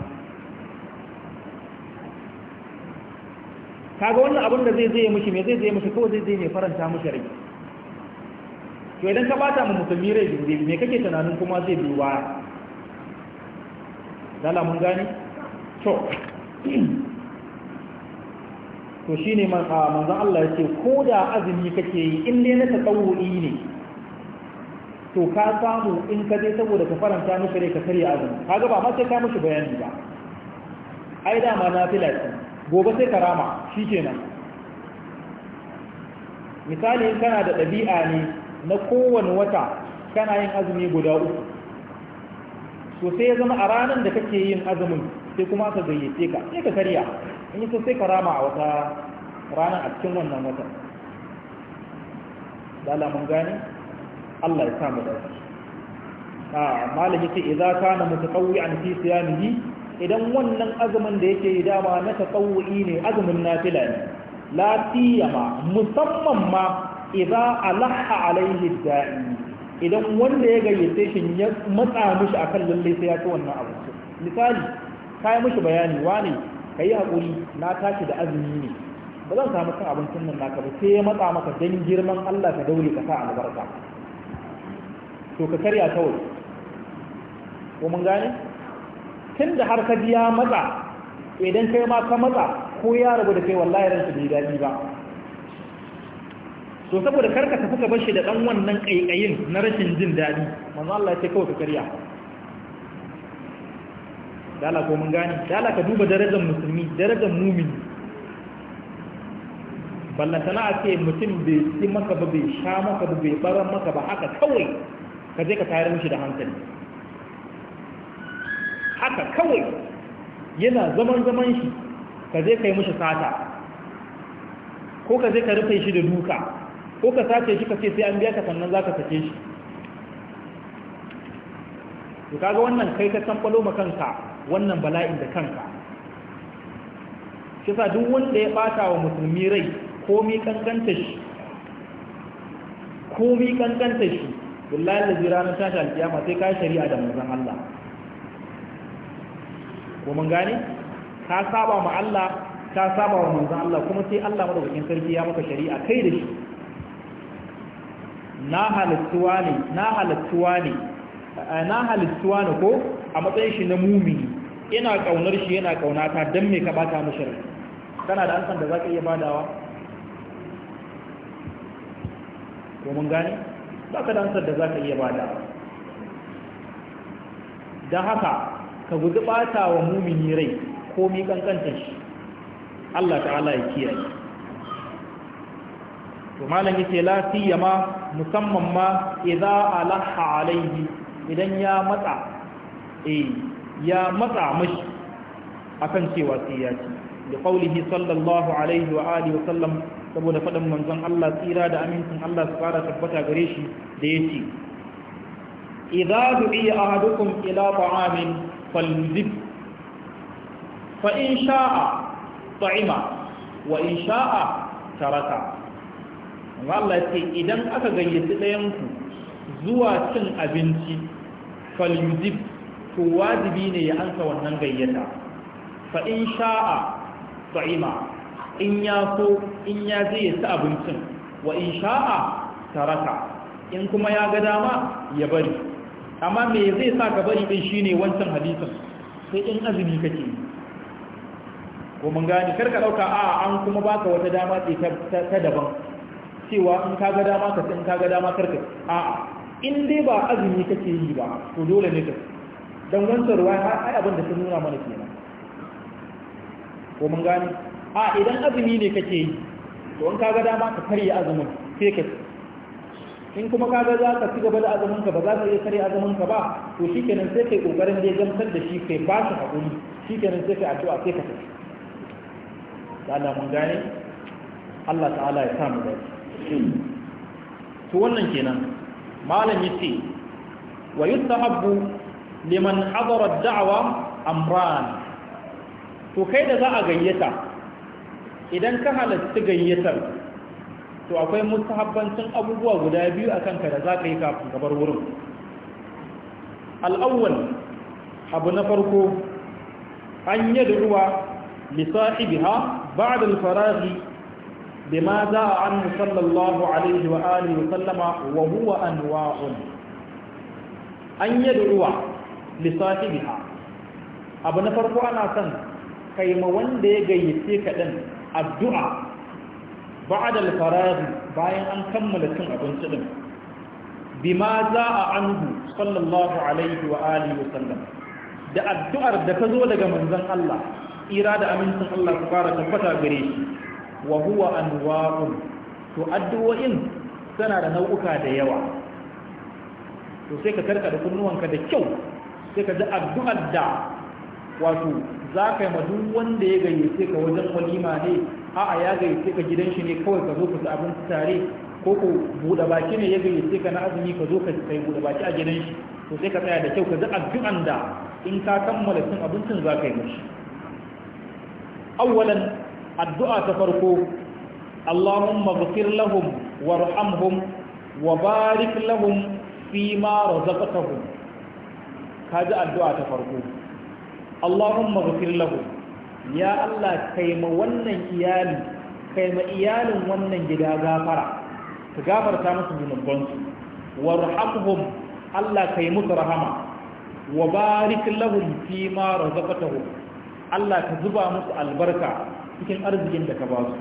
kaga wannan abin da zai zai mishi me zai zai mishi ko zai zai ne faranta mishi rai to idan ka bata mu musulmi rai dole me kake tunanin kuma zai ba? baya mun gani to to shine manzo Allah ya ce ko da azumi kake yi in dai na tsawuri ne to ka samu in ka je saboda ka faranta mishi rai ka karya azumi kaga ba ma sai ka mishi bayani ba ai dama na filaci gobe sai ka rama shikenan misali in kana da ɗabi'a ne na kowane wata kana yin azumi guda uku so sai ya zama a ranar da kake yin azumin sai kuma ka gayyace ka sai ka karya in yi so sai ka rama a wata ranar a cikin wannan wata da Allah mun gane Allah ya samu dace a malami ce idza kana an fi siyamihi idan wannan azumin da yake yi dama na tatawwi ne azumin nafila ne la ma musamman ma iza alaha alaihi da'i idan wanda ya gayyace shi ya matsa mishi akan lalle sai ya ci wannan abu misali kai mishi bayani wani kai hakuri na tashi da azumi ne ba zan samu cin abincin nan naka ba sai ya matsa maka dan girman Allah ka daure ka sa albarka to ka karya kawai ko mun gane da har ka biya matsa idan kai ma ka matsa ko ya rabu da kai wallahi ranka bai daɗi ba to saboda karka tafi ka bashi da dan wannan kaikayin na rashin jin dadi manzo Allah ya ce kawai ka karya dala ko mun gane dala ka duba darajar musulmi darajar mumini ballantana a ce mutum bai ci maka ba bai sha maka ba bai baran maka ba haka kawai ka je ka tayar mishi da hankali haka kawai yana zaman zaman shi ka je ka yi mishi sata ko ka je ka rufe shi da duka ko ka sace shi ka ce sai an biya ka sannan za ka sake shi to kaga wannan kai ka tambalo ma kanka wannan bala'in da kanka shi sa duk wanda ya bata wa musulmi rai komi kankanta shi komi kankanta shi billahi da ranar tashi alkiyama sai ka shari'a da manzon Allah ko mun gane ka saba ma Allah ka saba wa manzon Allah kuma sai Allah madaukakin sarki ya maka shari'a kai da shi na halittuwa ne na halittuwa ne na halittuwa ne ko a matsayin shi na mumini ina kaunar shi yana kaunata don me ka bata mishi rai kana da ansan da za ka iya badawa ko mun gane ba ka da ansan da za ka iya badawa don haka ka guji bata wa mumini rai ko mi kankanta shi Allah ta'ala ya kiyaye to malam yace la ma musamman ma idza alaha alaihi idan ya matsa eh ya matsa mashi akan cewa ya ce da qaulihi sallallahu alaihi wa alihi wa sallam saboda faɗin manzon Allah tsira da amincin Allah su fara tabbata gare shi da ya ce idza du'iya ahadukum ila ta'amin falyuzib fa in sha'a ta'ima wa in sha'a taraka Allah ce idan aka gayyaci ɗayanku zuwa cin abinci falyujib to wajibi ne ya ansa wannan gayyata fa in sha'a ta'ima in ya so in ya je ya ci abincin wa in sha'a taraka in kuma ya ga dama ya bari amma me zai sa ka bari din shine wancan hadisin sai in azumi kake ko mun gani karka dauka a an kuma baka wata dama ce ta daban cewa in ka ga dama ka in ka ga dama karka a'a in dai ba azumi kake yi ba to dole ne ka dan wancan ruwa ai abin da ka nuna mana kenan ko mun gane a idan azumi ne kake yi to in ka ga dama ka karya azumin sai ka in kuma ka ga za ka ci gaba da azumin ka ba za ka iya karya azumin ka ba to shikenan sai kai kokarin da ya gamsar da shi kai ba shi hakuri shikenan sai kai addu'a sai ka tafi Allah mun gane Allah ta'ala ya samu dace to wannan kenan malam yace wa yutahabbu liman hadara ad-da'wa amran to kai da za a gayyata idan ka halarci gayyatar to akwai mustahabbancin abubuwa guda biyu a kanka da za ka yi kafin gabar wurin al'awwal abu na farko an yi da ruwa lissahibiha ba da بما جاء عنه صلى الله عليه وآله وسلم وهو أنواع أن يدعو لصاحبها abu na farko ana son kaima wanda ya gayyace kaɗan din addu'a ba'da al bayan an kammala cin abinci din bima za'a anhu sallallahu alaihi wa wa sallam da addu'ar da ta zo daga manzon Allah ira da amincin Allah ta fara tabbata gare shi wa huwa anwa'un to addu'o'in tana da nau'uka da yawa to sai ka karka da kunnuwanka da kyau sai ka ji addu'ar da wato za ka yi madu wanda ya sai ka wajen walima ne a'a ya sai ka gidan shi ne kawai ka zo ka ci abinci tare ko ko buɗe baki ne ya sai ka na azumi ka zo ka kai buɗe baki a gidan shi to sai ka tsaya da kyau ka ji addu'an da in ka kammala cin abincin za ka yi mishi awwalan addu'a ta farko Allahumma ghfir lahum warhamhum wa barik lahum fi ma Ka ji addu'a ta farko Allahumma ghfir lahum ya Allah kaima wannan iyali kaima iyalin wannan gida gafara ka gafarta musu zunubansu warhamhum Allah kai musu rahama wa barik lahum fi ma razaqtahum Allah ka zuba musu albarka cikin arzikin da ka ba su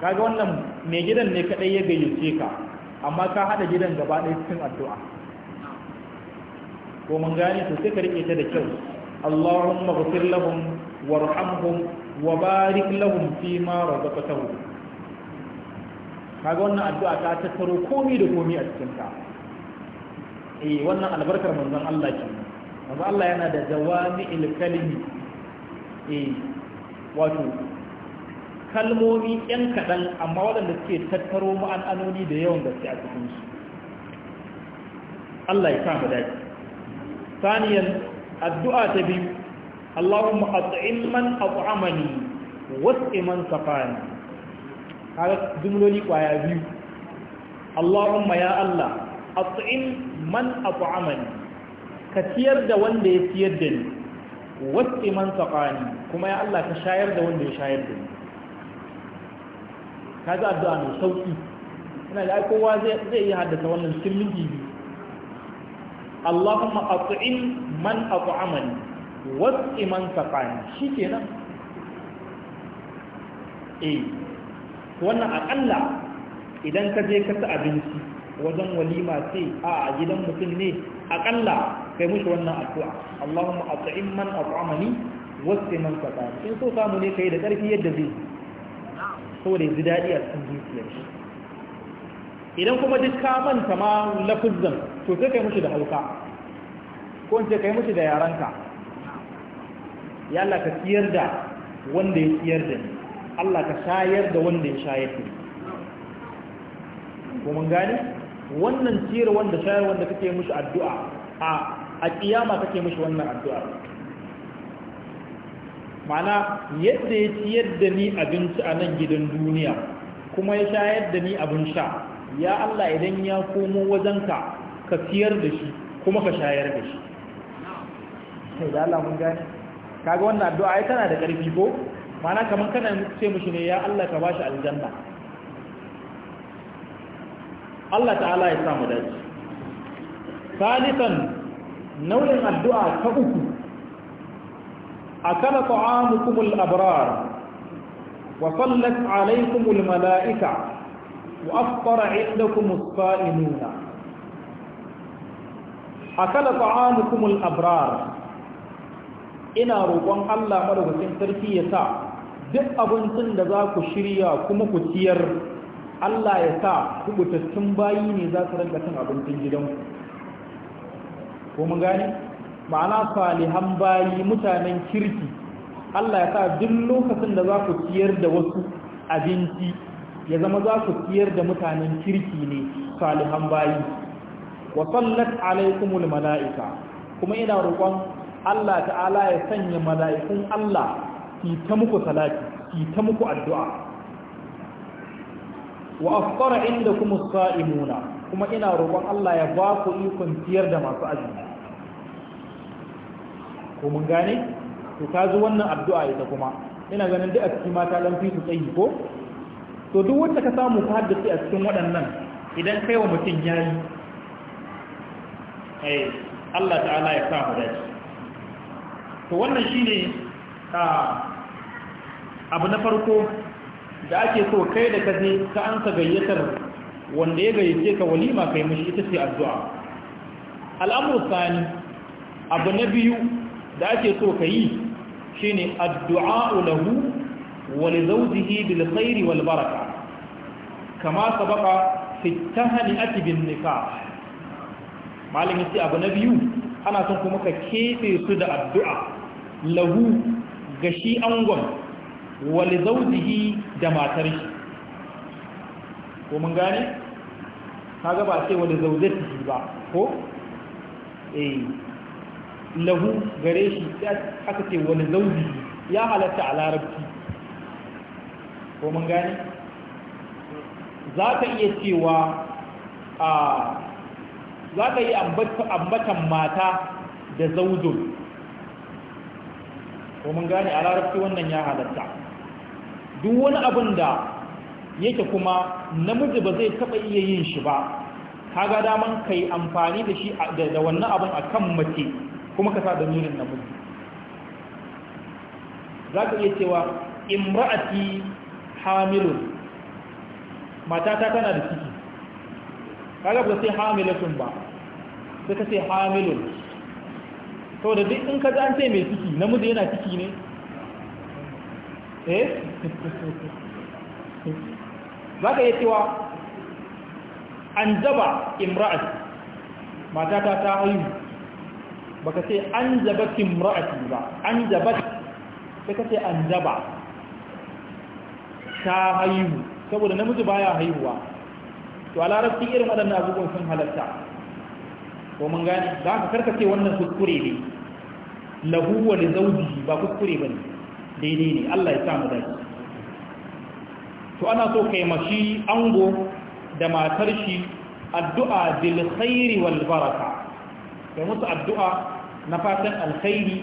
kaga wannan mai gidan ne kadai ya gayyace ka amma ka hada gidan gaba ɗaya cikin addu'a ko mun gane to sai ka rike ta da kyau Allahumma ghfir lahum warhamhum wa barik lahum fi ma razaqtahum kaga wannan addu'a ta tattaro komai da komai a cikin ta eh wannan albarkar manzon Allah ke manzon Allah yana da jawami'il kalimi eh wato kalmomi yan kaɗan amma waɗanda suke tattaro ma'an'anoni da yawan gaske a cikinsu Allah ya kama daji saniyan addu'a ta biyu Allahumma at'im man at'amani was'i man safani kaga jumloli kwaya biyu Allahumma ya Allah A at'im man at'amani ka ciyar da wanda ya ciyar da ni wasu man saƙani kuma ya Allah ka shayar da wanda ya shayar da ni ka za addu'a mai sauƙi ina da kowa zai iya haddasa wannan cikin minti biyu Allahumma at'im man at'amani wasu man saƙani shi ke nan? eh wannan aƙalla idan ka je ka ci abinci wajen walima sai, a gidan mutum ne aƙalla kai mushi wannan addu'a Allahumma at'im man at'amani wasu man sata in so samu ne kai da ƙarfi yadda zai saboda ji daɗi a cikin zuciyar shi idan kuma duk ka manta ma lafuzzan to sai kai mushi da hauka ko in ce kai mushi da yaranka ya Allah ka ciyar da wanda ya ciyar da ni Allah ka shayar da wanda ya shayar da ni ko mun gane wannan ciyar wanda shayar wanda kake mushi addu'a a a kiyama kake mishi wannan addu'a ma'ana yadda ya ciyar da ni abinci a nan gidan duniya kuma ya shayar da ni abin sha ya Allah idan ya komo wajenka ka ciyar da shi kuma ka shayar da shi sai da Allah mun gani kaga wannan addu'a ai tana da ƙarfi ko Mana kamar kana ce mishi ne ya Allah ka bashi aljanna Allah ta'ala ya samu dace salisan nau'in addu'a ta uku akala kumul abrar wa sallat alaikumul mala'ika wa afṭara A kala akala kumul abrar ina roƙon Allah madaukakin sarki ya sa duk abincin da za ku shirya kuma ku ciyar Allah ya sa kubutattun bayi ne za su rinka cin abincin gidanku ko mun gane ma'ana salihan bayi mutanen kirki Allah ya sa duk lokacin da za ku ciyar da wasu abinci ya zama za ku ciyar da mutanen kirki ne salihan bayi wa sallat alaikumul mala'ika kuma ina roƙon Allah ta'ala ya sanya mala'ikun Allah ki ta muku salati ki ta muku addu'a wa afqara indakum as-sa'imuna kuma ina roƙon Allah ya ba ku ikon ciyar da masu azumi ko mun gane to ta zo wannan addu'a ita kuma ina ganin duk a cikin mata dan fi su tsayi ko to duk wanda ka samu ka haddace a cikin waɗannan idan kai wa mutum yayi eh Allah ta'ala ya sa mu dace to wannan shine abu na farko da ake so kai da kaje ka ansa gayyatar wanda ya gayyace ka walima kai mishi ita ce addu'a al'amur sani abu na biyu da ake so ka yi shine addu'a lahu wani li bil khairi wal baraka kama sabaqa fi tahni'ati bin nikah Malamin sai abu na biyu ana son kuma ka kebe su da addu'a lahu ga shi angon wa da matar shi ko mun gane kaga ba sai wani shi ba ko eh lahu gare shi aka ce wani zauji ya halatta a larabci ko mun gane za ka iya cewa a za ka yi ambatan mata da zaujun ko mun gane a larabci wannan ya halatta duk wani abin da yake kuma namiji ba zai taɓa iya yin shi ba kaga daman kai amfani da shi da wannan abin a kan mace kuma ka sa da nunin namiji za ka iya cewa imra'ati hamilun matata tana da ciki kaga ba sai hamilatun ba sai ka sai hamilun to da duk in ka ji an ce mai ciki namiji yana ciki ne eh za ka iya cewa an zaba imra'ati matata ta haihu ka ce an zaba imra'ati ba an zaba sai ka ce an zaba ta haihu saboda namiji baya haihuwa to a larabci irin waɗannan abubuwan sun halatta ko mun gane za ka karkace wannan kuskure ne lahu wa ba kuskure bane daidai ne Allah ya sa mu dace to ana so kai mashi ango da matar shi addu'a bil khairi wal baraka kai musu addu'a na fatan alkhairi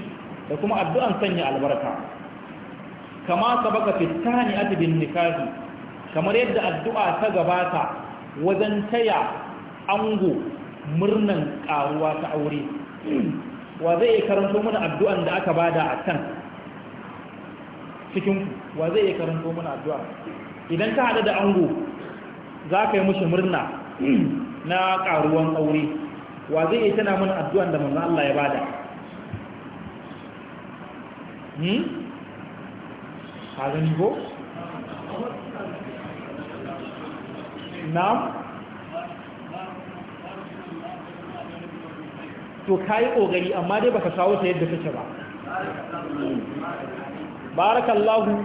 da kuma addu'an sanya albarka kama sabaka fitani atibin nikahi kamar yadda addu'a ta gabata wajen taya ango murnan karuwa ta aure wa zai karanto mana addu'an da aka bada a can cikin wa zai karanto mana addu'a idan ka haɗu da ango za ka yi mushi murna na ƙaruwan aure wa zai yi tana mana addu'an da manzan Allah ya bada hmm? ni ko? na? to ka yi ƙogari amma dai baka kawo ta yadda kake ba barakallahu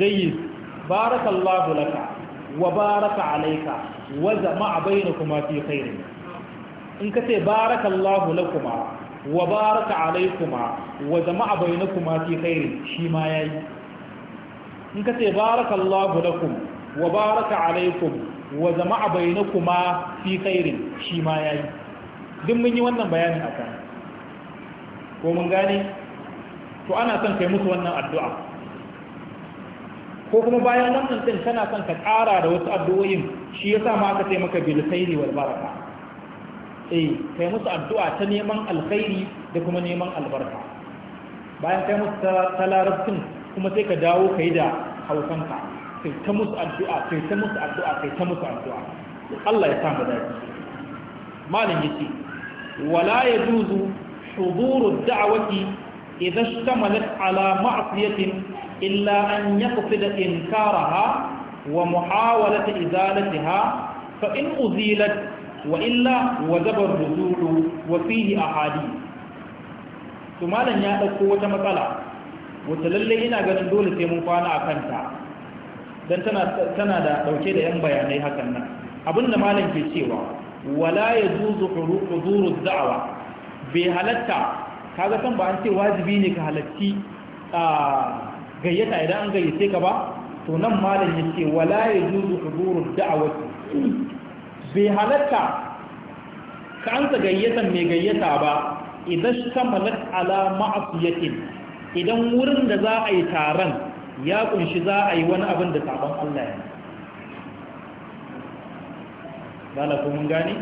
jayyid barakallahu laka wa baraka alayka wa jama'a bainakuma fi khairin in kace barakallahu lakuma wa baraka alaykuma wa jama'a bainakuma fi khairin shi ma yayi in kace barakallahu lakum wa baraka alaykum wa jama'a bainakuma fi khairin shi ma duk mun yi wannan bayanin akan ko mun gane to ana son kai musu wannan addu'a ko kuma bayan wannan din kana son ka ƙara da wasu addu'o'in shi yasa ma aka sai maka bil khairi wal baraka eh kai musu addu'a ta neman alkhairi da kuma neman albarka bayan kai musu ta larabcin kuma sai ka dawo kai da hausanka kai ta musu addu'a kai ta musu addu'a kai ta musu addu'a Allah ya sa mu dace malam yace wala yajuzu huduru da'wati idan ishtamalat ala ma'siyatin illa an yaqfida inkaraha wa muhawalata ha fa in uzilat wa illa wajaba rujulu wa fihi ahadi to Malam ya dauko wata matsala wata lalle ina ganin dole sai mun kwana a kanta dan tana da dauke da yan bayanai hakan nan abinda Malam ke cewa wala yajuzu huduru Bai halarta. halatta kaga san ba an ce wajibi ne ka halarci? a gayyata idan an gayyace ka ba to nan malam yace wala yajuzu hudurud da'wati bai halatta ka an ta gayyata mai gayyata ba idan kamalat ala ma'asiyatin idan wurin da za a yi taron ya kunshi za a yi wani abin da saban Allah ya zala ko mun gane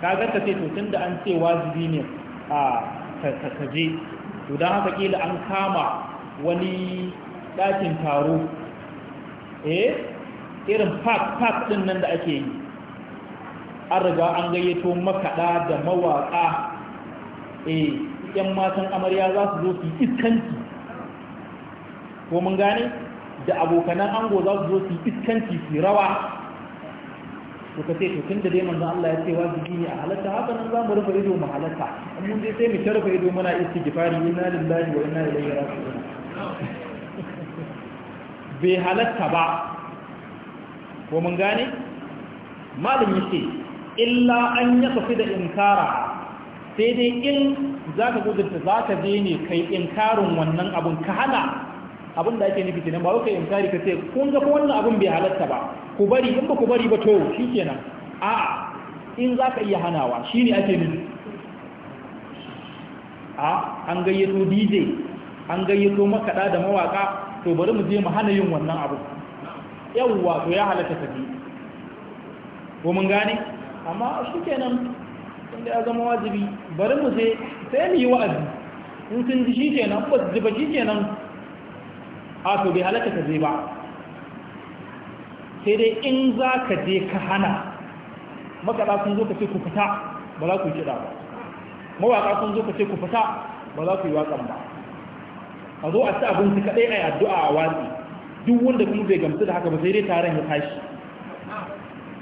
kaga ka ce to tunda an ce wajibi ne a ta kaje to dan haka kila an kama wani ɗakin taro eh irin park park ɗin nan da ake yi an riga an gayyato makaɗa da mawaƙa eh yan matan amarya za su zo su yi iskanci ko mun gane da abokanan ango za su zo su yi iskanci su rawa ko ka ce to tun da dai manzo Allah ya ce su gini a halatta haka nan za mu rufe ido mu halatta mun dai sai mu tarfa ido muna istighfari inna lillahi wa inna ilaihi raji'un bai halatta ba ko mun gane malin yake illa an ya tafi da inkara sai dai in za ka gudunta za ka je ne kai inkarin wannan abun ka hana abin da ake nufi kenan ba kai inkari ka ce kun ga wannan abun bai halatta ba ku bari in ba ku bari ba to shikenan a in za ka iya hanawa shine ake nufi a an gayyato DJ an gayyato makaɗa da mawaƙa to bari mu je mu hana yin wannan abu yawwa to ya halatta ka bi ko mun gane amma shi kenan inda ya zama wajibi bari mu je sai mu yi wa'azi in sun ji shi kenan ba su ji ba shi kenan a to bai halatta ka je ba sai dai in za ka je ka hana makaɗa sun zo ka ce ku fita ba za ku yi kiɗa ba mawaƙa sun zo ka ce ku fita ba za ku yi waƙan ba a zo a ci abinci kaɗai a yi addu'a a watsi duk wanda kuma bai gamsu da haka ba sai dai taron ya tashi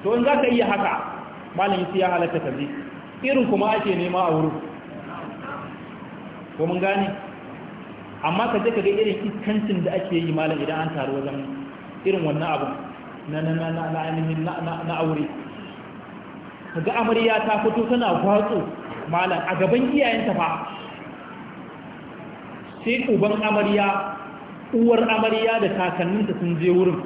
to in za ka iya haka malam yasi ya halatta ka irin kuma ake nema a wurin ko mun gane amma ka je ka ga irin iskancin da ake yi malam idan an taru wajen irin wannan abu na na na na na na aure ka ga amarya ta fito tana gwatsu malam a gaban iyayenta fa sai uban amarya uwar amarya da kakanninta sun je wurin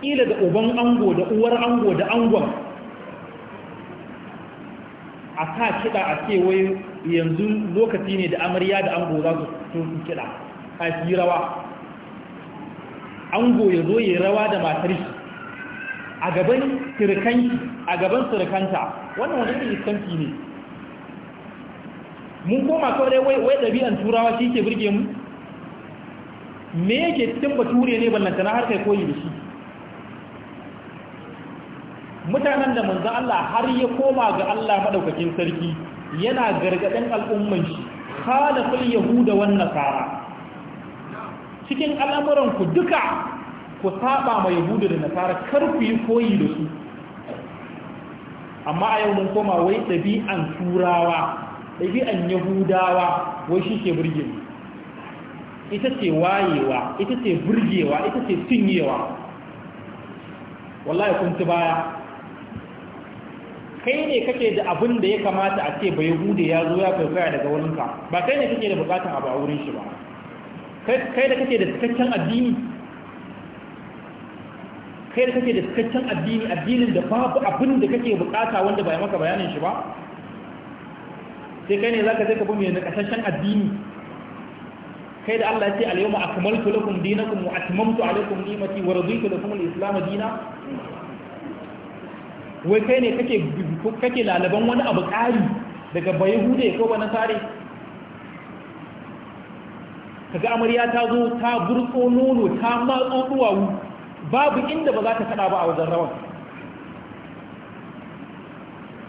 ƙila da uban ango da uwar ango da angon a sa kiɗa a kewaye yanzu lokaci ne da amarya da ango za su sun kiɗa a yi rawa ango ya zo ya rawa da matar shi a gaban sirikanki a gaban sirikanta wannan wani iskanki ne mun koma kawai wai wai ɗabi'an turawa shi ke birge mu me yake cikin bature ne ballanta na har kai koyi da shi mutanen da manzo Allah har ya koma ga Allah madaukakin sarki yana gargaɗin al'umman shi khalafin yahuda wan nasara cikin al'amuran ku duka ku saba ma yahuda da nasara kar ku yi koyi da su amma a yau mun koma wai ɗabi'an turawa ɗabi'an yahudawa wai shi ke burge ita ce wayewa ita ce burgewa ita ce cinyewa wallahi kun ci baya kai ne kake da abin da ya kamata a ce bai hude ya zo ya kai daga wurinka ba kai ne kake da bukatun abu a wurin shi ba kai da kake da cikakken addini kai da kake da cikakken addini addinin da babu abin da kake bukata wanda bai maka bayanin shi ba sai kai ne za ka sai ka bume na kasashen addini kai da Allah ya ce al-yawma akmaltu lakum dinakum wa atmamtu alaykum ni'mati wa raditu lakum al-islam dina wai kai ne kake kake lalaban wani abu kari daga bayhude ko wani sare kaga amarya ta zo ta burko nono ta matso duwawu babu inda ba za ta kada ba a wajen rawan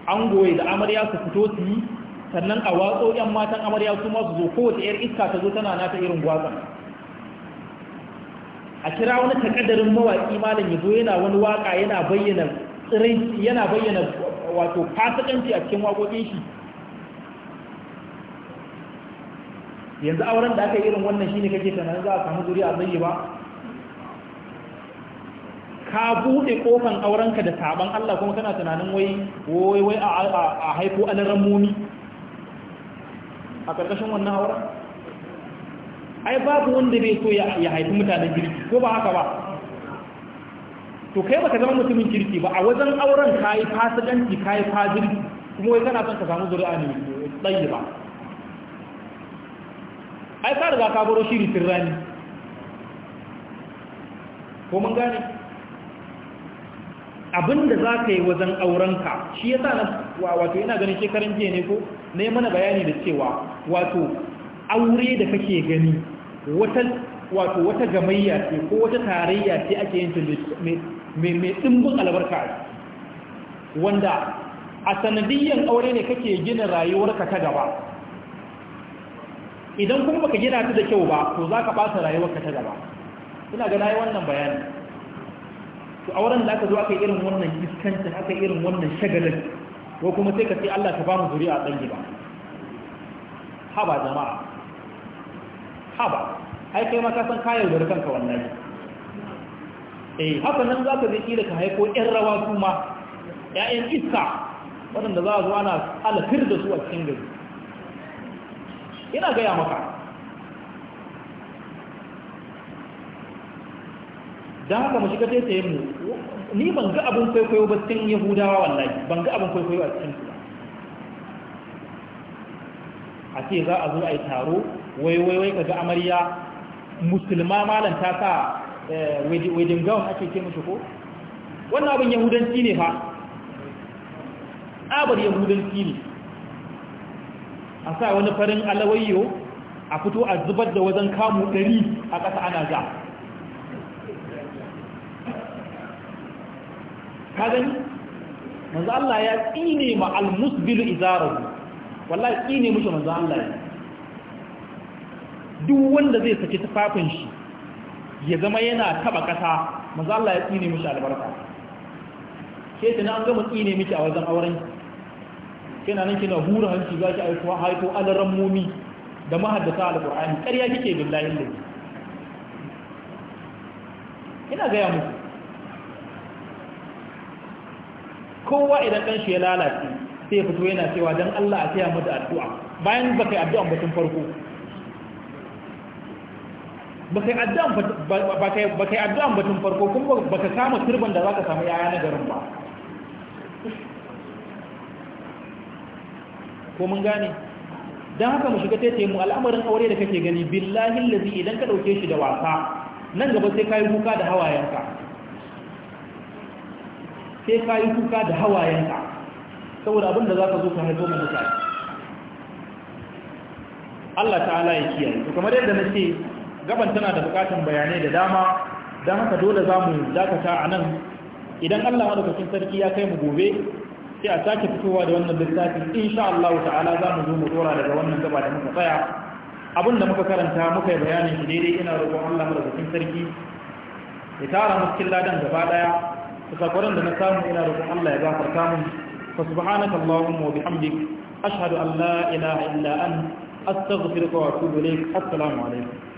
an goye da amarya su fito su yi sannan a watso yan matan amarya su masu zo kowace yar iska ta zo tana nata irin gwatsa. a kira wani takaddarin mawaƙi malam ya zo yana wani waka yana bayyana tsirin yana bayyana wato fasikanci a cikin waƙoƙin shi yanzu auren da aka yi irin wannan shine kake tunanin za a samu zuriya zai ba ka buɗe kofan aurenka da saban Allah kuma kana tunanin wai wai wai a haifo alaran mumi a ƙarƙashin wannan auren ai babu wanda bai so ya haifi mutanen kirki ko ba haka ba to kai ba ka zama mutumin kirki ba a wajen auren ka kayi fasikanci yi fajirki kuma wai kana son ka samu zuri'a ne tsayi ba ai ka riga ka baro shiri tirrani ko mun gane Abin da za ka yi wajen aurenka shi ya sa wato yana ganin shekarun jiya ne ko na yi mana bayani da cewa wato aure da kake gani wato wata gamayya ce ko wata tarayya ce ake yin mai ɗimbin albarka wanda a sanadiyyan aure ne kake gina rayuwarka ta gaba idan kuma baka gina ta da kyau ba to za ka ɓata rayuwarka ta gaba ina ga na wannan bayani to a da aka zo aka yi irin wannan iskancin aka yi irin wannan shagalin ko kuma sai ka ce Allah ka bamu mu zuri'a dan gida haba jama'a haba ai kai ma ka san kayar da kanka wallahi eh haka nan za ka zai ka haiko ƴan rawa kuma Ya'yan iska waɗanda za a zo ana alafir da su a cikin gari ina gaya maka don haka mu shiga yin mu ni ban ga abin kwaikwayo ba cikin yahudawa wallahi ban ga abin kwaikwayo a cikin su a ce za a zo a yi taro wai wai wai kaga amarya musulma malam ta sa eh, wedding gown ake ce mushi ko wannan abin yahudanci ne fa abar yahudanci ne a sa wani farin alawayyo a fito a zubar da wajen kamu ɗari a ƙasa ana za ka gani manzo Allah ya tsine ma al-musbil izarahu wallahi tsine mushi manzo Allah ya duk wanda zai saki tufafin shi ya zama yana taba kasa manzo Allah ya tsine mushi albarka ke tana an gama tsine miki a wajen auren kina nan kina hura hanci zaki aiko haiko alran mumi da mahaddata alqur'ani ƙarya kike billahi ina ga ya muku kowa idan ɗan shi ya lalace sai fito yana cewa don Allah a taya mata addu'a bayan ba kai addu'an batun farko ba kai addu'an tun farko kuma ba ka kama turban da za ka samu yaya na garin ba ko mun gane don haka mu shiga taitaye mu al'amarin aure da kake gani billahi lazi idan ka ɗauke shi da wasa nan gaba sai ka yi kuka da hawayenka sai ka yi kuka da hawayenka saboda abinda za ka zo ka haifo mu mutane Allah ta'ala ya kiyaye to kamar yadda na ce gaban tana da bukatun bayanai da dama don haka dole za mu dakata a nan idan Allah madaukakin sarki ya kai mu gobe sai a sake fitowa da wannan littafin insha Allah ta'ala za mu zo mu dora daga wannan gaba da muka tsaya abin da muka karanta muka yi bayanin shi daidai ina roƙon Allah madaukakin sarki ya tara muskin ladan gaba daya sakwaran da na samu ina roƙon Allah ya gafarta mun fa subhanaka allahumma wa bihamdik ashhadu an la ilaha illa anta astaghfiruka wa atubu ilaik assalamu alaikum